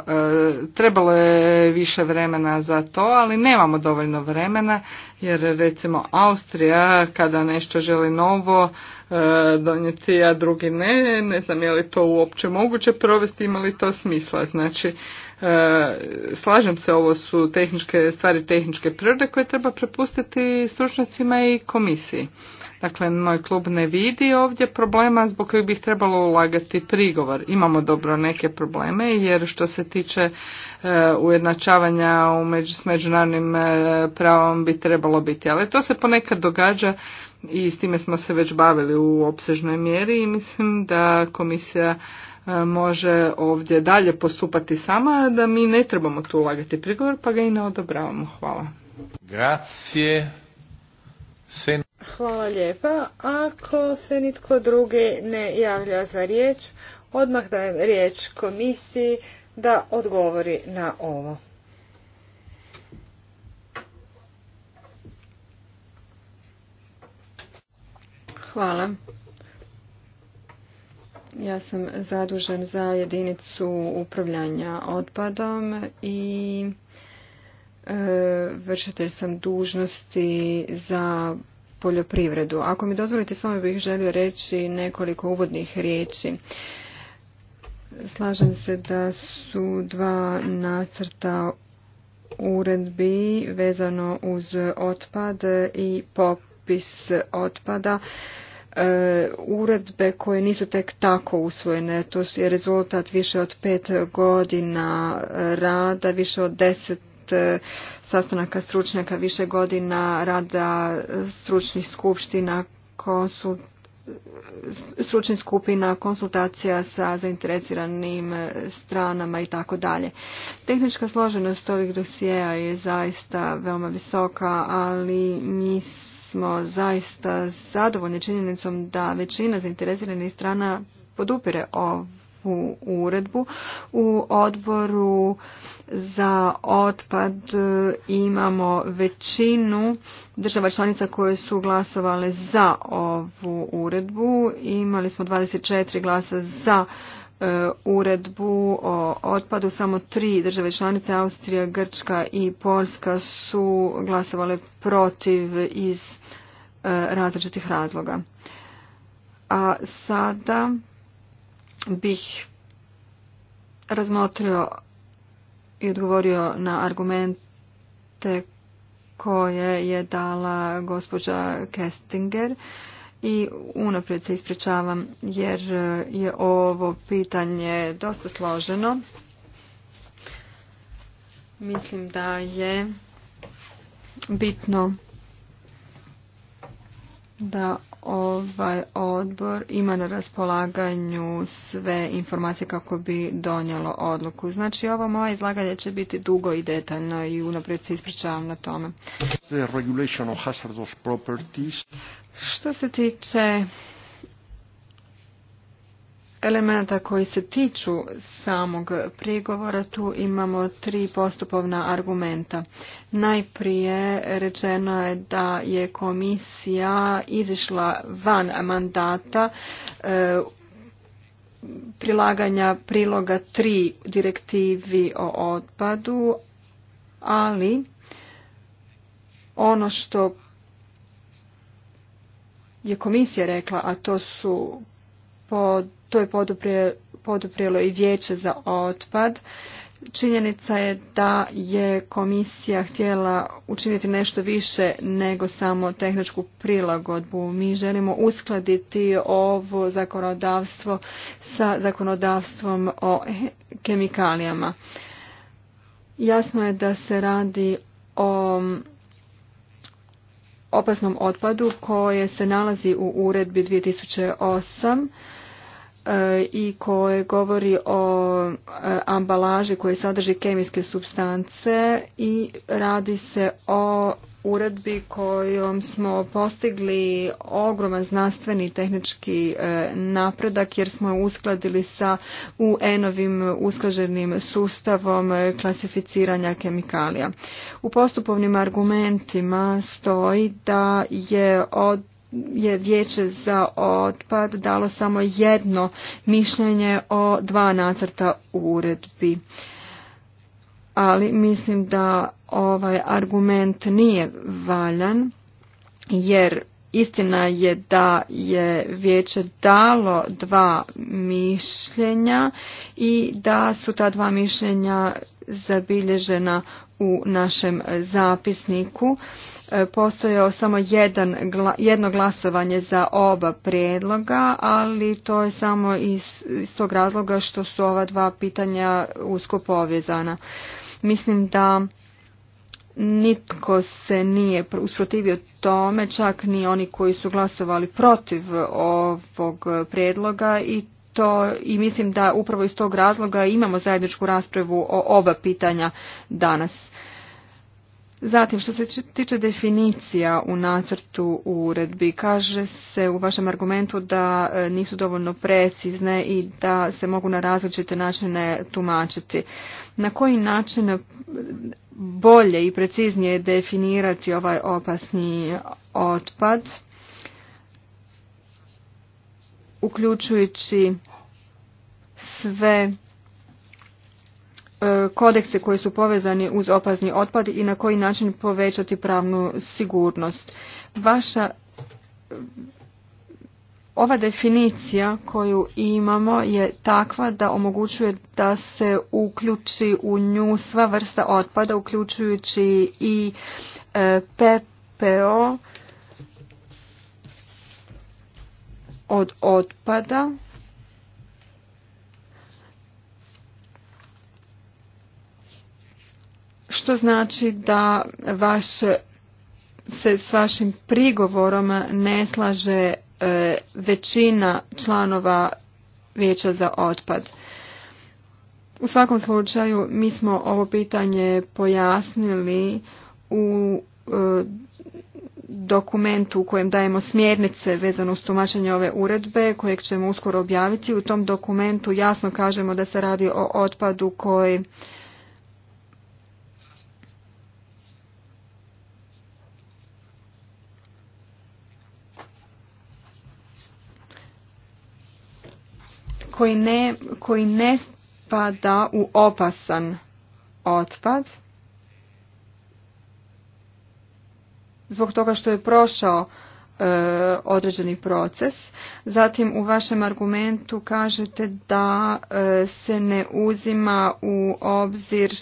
trebalo je više vremena za to, ali nemamo dovoljno vremena jer recimo Austrija kada nešto želi novo e, donijeti, a drugi ne, ne znam je li to uopće moguće provesti, ima li to smisla. Znači, slažem se, ovo su tehničke stvari tehničke prirode koje treba prepustiti stručnjacima i komisiji. Dakle, moj klub ne vidi ovdje problema zbog kojih bi trebalo ulagati prigovor. Imamo dobro neke probleme jer što se tiče e, ujednačavanja u s međunarodnim e, pravom bi trebalo biti. Ali to se ponekad događa i s time smo se već bavili u opsežnoj mjeri i mislim da komisija e, može ovdje dalje postupati sama, da mi ne trebamo tu ulagati prigovor pa ga i ne odobravamo. Hvala. Grazie. Hvala lijepa. Ako se nitko drugi ne javlja za riječ, odmah dajem riječ komisiji da odgovori na ovo. Hvala. Ja sam zadužen za jedinicu upravljanja otpadom i E, vršitelj sam dužnosti za poljoprivredu. Ako mi dozvolite, samo bih želio reći nekoliko uvodnih riječi. Slažem se da su dva nacrta uredbi vezano uz otpad i popis otpada e, uredbe koje nisu tek tako usvojene. To je rezultat više od pet godina rada, više od deset 10 e, sastanaka stručnjaka, više godina rada stručnih skupština, stručnih skupina, konsultacija sa zainteresiranim e, stranama i tako dalje. Tehnička složenost ovih dosijeja je zaista veoma visoka, ali mi smo zaista zadovoljni činjenicom da većina zainteresiranih strana podupire ovo u uredbu. U odboru za otpad e, imamo većinu država članica koje su glasovale za ovu uredbu. Imali smo 24 glasa za e, uredbu o otpadu. Samo tri države članice, Austrija, Grčka i Poljska su glasovale protiv iz e, različitih razloga. A sada bih razmotrio i odgovorio na argumente koje je dala gospođa Kestinger i unaprijed se ispričavam jer je ovo pitanje dosta složeno. Mislim da je bitno da ovaj odbor ima na raspolaganju sve informacije kako bi donijelo odluku. Znači ovo moje izlaganje će biti dugo i detaljno i unaprijed se ispričavam na tome. Što se tiče elemenata koji se tiču samog prigovora tu imamo tri postupovna argumenta. Najprije rečeno je da je komisija izišla van mandata e, prilaganja priloga tri direktivi o otpadu, ali ono što je komisija rekla, a to su pod to je poduprijelo i vijeće za otpad. Činjenica je da je komisija htjela učiniti nešto više nego samo tehničku prilagodbu. Mi želimo uskladiti ovo zakonodavstvo sa zakonodavstvom o kemikalijama. Jasno je da se radi o opasnom otpadu koje se nalazi u uredbi 2008 E, i koje govori o e, ambalaži koje sadrži kemijske substance i radi se o uredbi kojom smo postigli ogroman znanstveni tehnički e, napredak jer smo uskladili sa UN-ovim usklađenim sustavom klasificiranja kemikalija. U postupovnim argumentima stoji da je od je vijeće za otpad dalo samo jedno mišljenje o dva nacrta uredbi. Ali mislim da ovaj argument nije valjan jer istina je da je vijeće dalo dva mišljenja i da su ta dva mišljenja zabilježena u našem zapisniku E, postojao samo jedan, jedno glasovanje za oba prijedloga, ali to je samo iz, iz tog razloga što su ova dva pitanja usko povezana. Mislim da nitko se nije usprotivio tome, čak ni oni koji su glasovali protiv ovog prijedloga i to i mislim da upravo iz tog razloga imamo zajedničku raspravu o oba pitanja danas. Zatim, što se tiče definicija u nacrtu uredbi, kaže se u vašem argumentu da e, nisu dovoljno precizne i da se mogu na različite načine tumačiti. Na koji način bolje i preciznije definirati ovaj opasni otpad, uključujući sve E, kodekse koji su povezani uz opazni otpad i na koji način povećati pravnu sigurnost. Vaša ova definicija koju imamo je takva da omogućuje da se uključi u nju sva vrsta otpada, uključujući i e, PPO od otpada. što znači da vaš se s vašim prigovorom ne slaže e, većina članova vijeća za otpad. U svakom slučaju mi smo ovo pitanje pojasnili u e, dokumentu u kojem dajemo smjernice vezano uz tumačenje ove uredbe kojeg ćemo uskoro objaviti. U tom dokumentu jasno kažemo da se radi o otpadu koji koji ne, koji ne spada u opasan otpad zbog toga što je prošao e, određeni proces. Zatim u vašem argumentu kažete da e, se ne uzima u obzir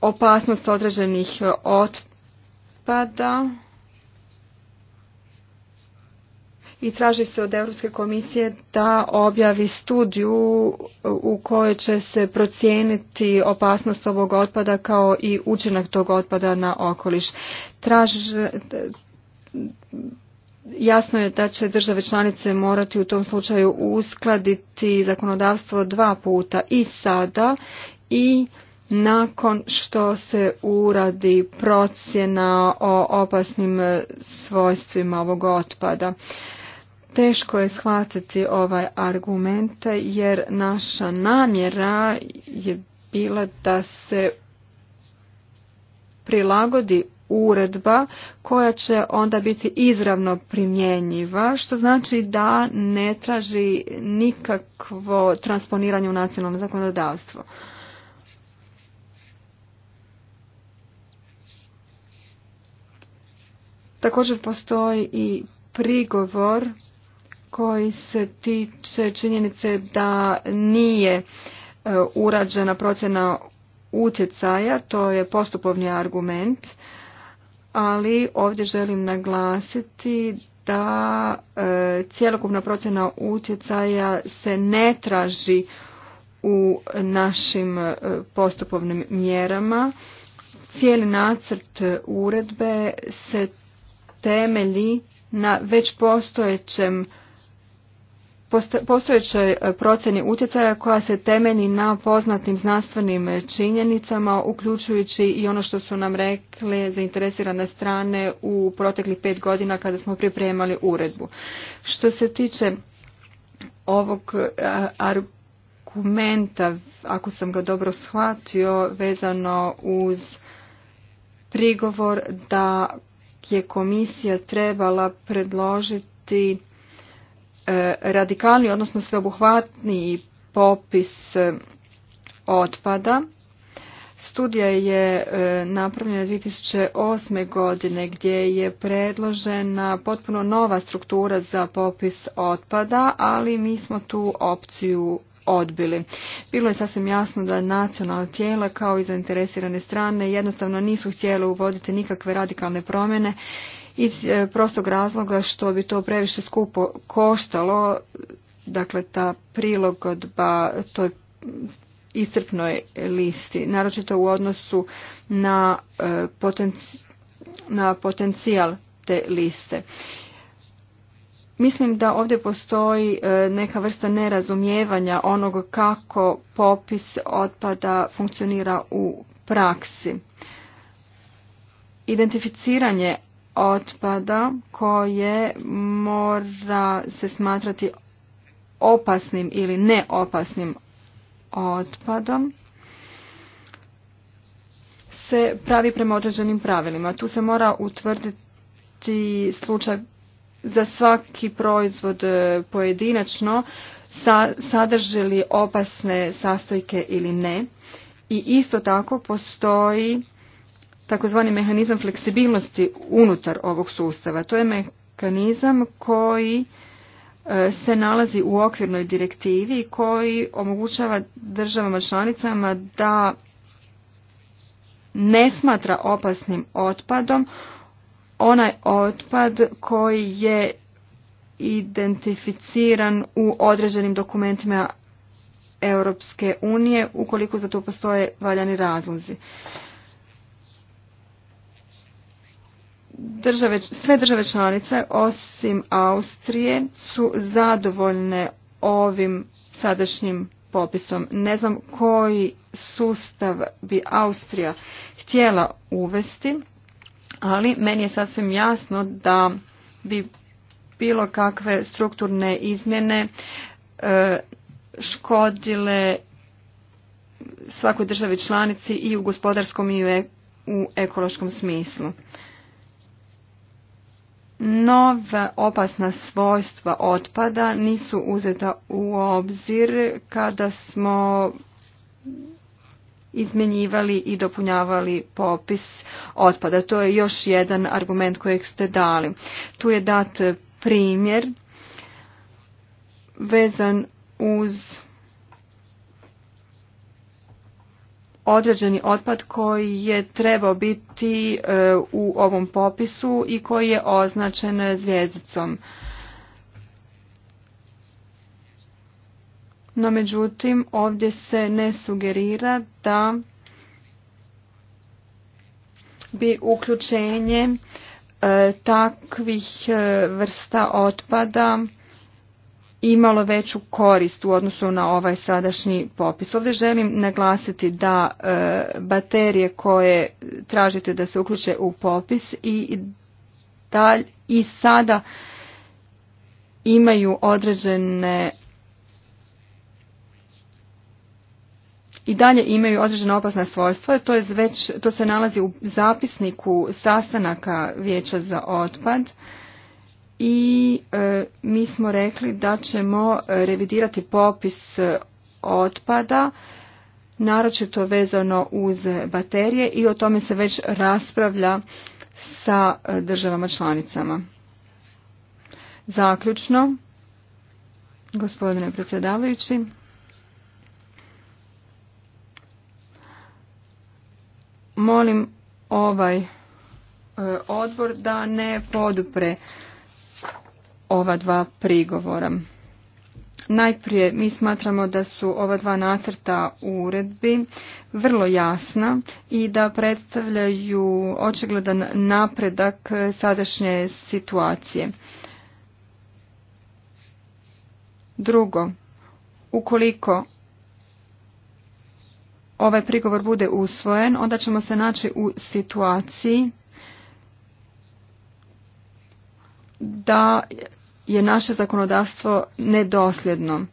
opasnost određenih otpada i traži se od Europske komisije da objavi studiju u kojoj će se procijeniti opasnost ovog otpada kao i učinak tog otpada na okoliš. Traži, jasno je da će države članice morati u tom slučaju uskladiti zakonodavstvo dva puta i sada i nakon što se uradi procjena o opasnim svojstvima ovog otpada. Teško je shvatiti ovaj argument jer naša namjera je bila da se prilagodi uredba koja će onda biti izravno primjenjiva, što znači da ne traži nikakvo transponiranje u nacionalno zakonodavstvo. Također postoji i prigovor koji se tiče činjenice da nije e, urađena procjena utjecaja, to je postupovni argument, ali ovdje želim naglasiti da e, cjelokupna procjena utjecaja se ne traži u našim e, postupovnim mjerama. Cijeli nacrt uredbe se temelji na već postojećem postojećoj e, procjeni utjecaja koja se temeni na poznatim znanstvenim činjenicama, uključujući i ono što su nam rekli zainteresirane strane u proteklih pet godina kada smo pripremali uredbu. Što se tiče ovog e, argumenta, ako sam ga dobro shvatio, vezano uz prigovor da je komisija trebala predložiti E, radikalni, odnosno sveobuhvatni popis e, otpada. Studija je e, napravljena 2008. godine gdje je predložena potpuno nova struktura za popis otpada, ali mi smo tu opciju odbili. Bilo je sasvim jasno da nacionalna tijela kao i zainteresirane strane jednostavno nisu htjele uvoditi nikakve radikalne promjene iz e, prostog razloga što bi to previše skupo koštalo, dakle ta prilogodba toj iscrpnoj listi, naročito u odnosu na, e, na potencijal te liste. Mislim da ovdje postoji e, neka vrsta nerazumijevanja onog kako popis otpada funkcionira u praksi. Identificiranje otpada koje mora se smatrati opasnim ili neopasnim otpadom se pravi prema određenim pravilima. Tu se mora utvrditi slučaj za svaki proizvod e, pojedinačno sa, sadrži li opasne sastojke ili ne. I isto tako postoji takozvani mehanizam fleksibilnosti unutar ovog sustava. To je mehanizam koji e, se nalazi u okvirnoj direktivi koji omogućava državama članicama da ne smatra opasnim otpadom onaj otpad koji je identificiran u određenim dokumentima Europske unije ukoliko za to postoje valjani razlozi. države, sve države članice osim Austrije su zadovoljne ovim sadašnjim popisom. Ne znam koji sustav bi Austrija htjela uvesti, ali meni je sasvim jasno da bi bilo kakve strukturne izmjene e, škodile svakoj državi članici i u gospodarskom i u e, ekološkom smislu. Nova opasna svojstva otpada nisu uzeta u obzir kada smo izmjenjivali i dopunjavali popis otpada. To je još jedan argument kojeg ste dali. Tu je dat primjer vezan uz određeni otpad koji je trebao biti e, u ovom popisu i koji je označen zvijezdicom. No međutim, ovdje se ne sugerira da bi uključenje e, takvih e, vrsta otpada imalo veću korist u odnosu na ovaj sadašnji popis. Ovdje želim naglasiti da e, baterije koje tražite da se uključe u popis i dalj i sada imaju određene i dalje imaju određena opasna svojstva. To, je već, to se nalazi u zapisniku sastanaka vijeća za otpad i e, mi smo rekli da ćemo revidirati popis otpada naročito vezano uz baterije i o tome se već raspravlja sa državama članicama. Zaključno, gospodine predsjedavajući, molim ovaj e, odbor da ne podupre ova dva prigovora. Najprije mi smatramo da su ova dva nacrta u uredbi vrlo jasna i da predstavljaju očigledan napredak sadašnje situacije. Drugo, ukoliko ovaj prigovor bude usvojen, onda ćemo se naći u situaciji da je naše zakonodavstvo nedosljedno.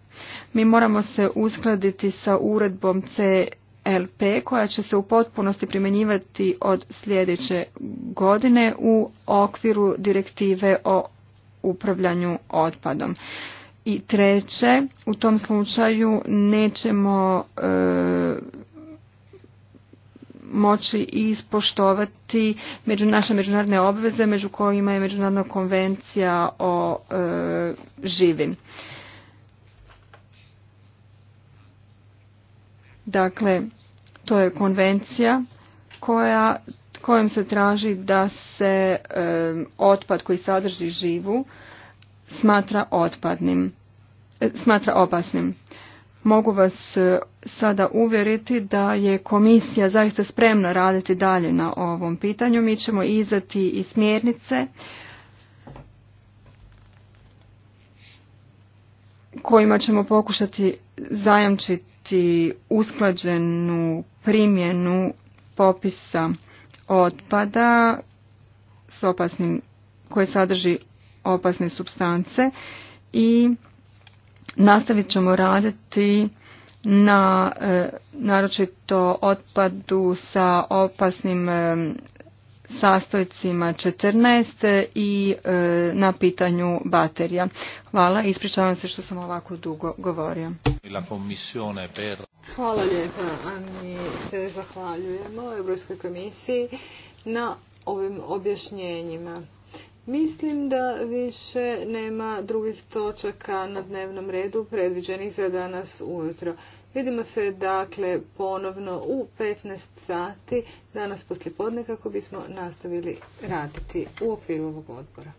Mi moramo se uskladiti sa uredbom CLP koja će se u potpunosti primjenjivati od sljedeće godine u okviru direktive o upravljanju otpadom. I treće, u tom slučaju nećemo e, moći ispoštovati među naše međunarodne obveze među kojima je međunarodna konvencija o e, živi. Dakle, to je konvencija koja, kojom se traži da se e, otpad koji sadrži živu smatra otpadnim, e, smatra opasnim. Mogu vas e, sada uvjeriti da je komisija zaista spremna raditi dalje na ovom pitanju. Mi ćemo izdati i smjernice kojima ćemo pokušati zajamčiti usklađenu primjenu popisa otpada s opasnim, koje sadrži opasne substance i Nastavit ćemo raditi na e, naročito otpadu sa opasnim e, sastojcima 14 i e, na pitanju baterija. Hvala, ispričavam se što sam ovako dugo govorio. Hvala lijepa, a mi se zahvaljujemo Europskoj komisiji na ovim objašnjenjima. Mislim da više nema drugih točaka na dnevnom redu predviđenih za danas ujutro. Vidimo se dakle ponovno u 15 sati danas poslijepodne kako bismo nastavili raditi u okviru ovog odbora.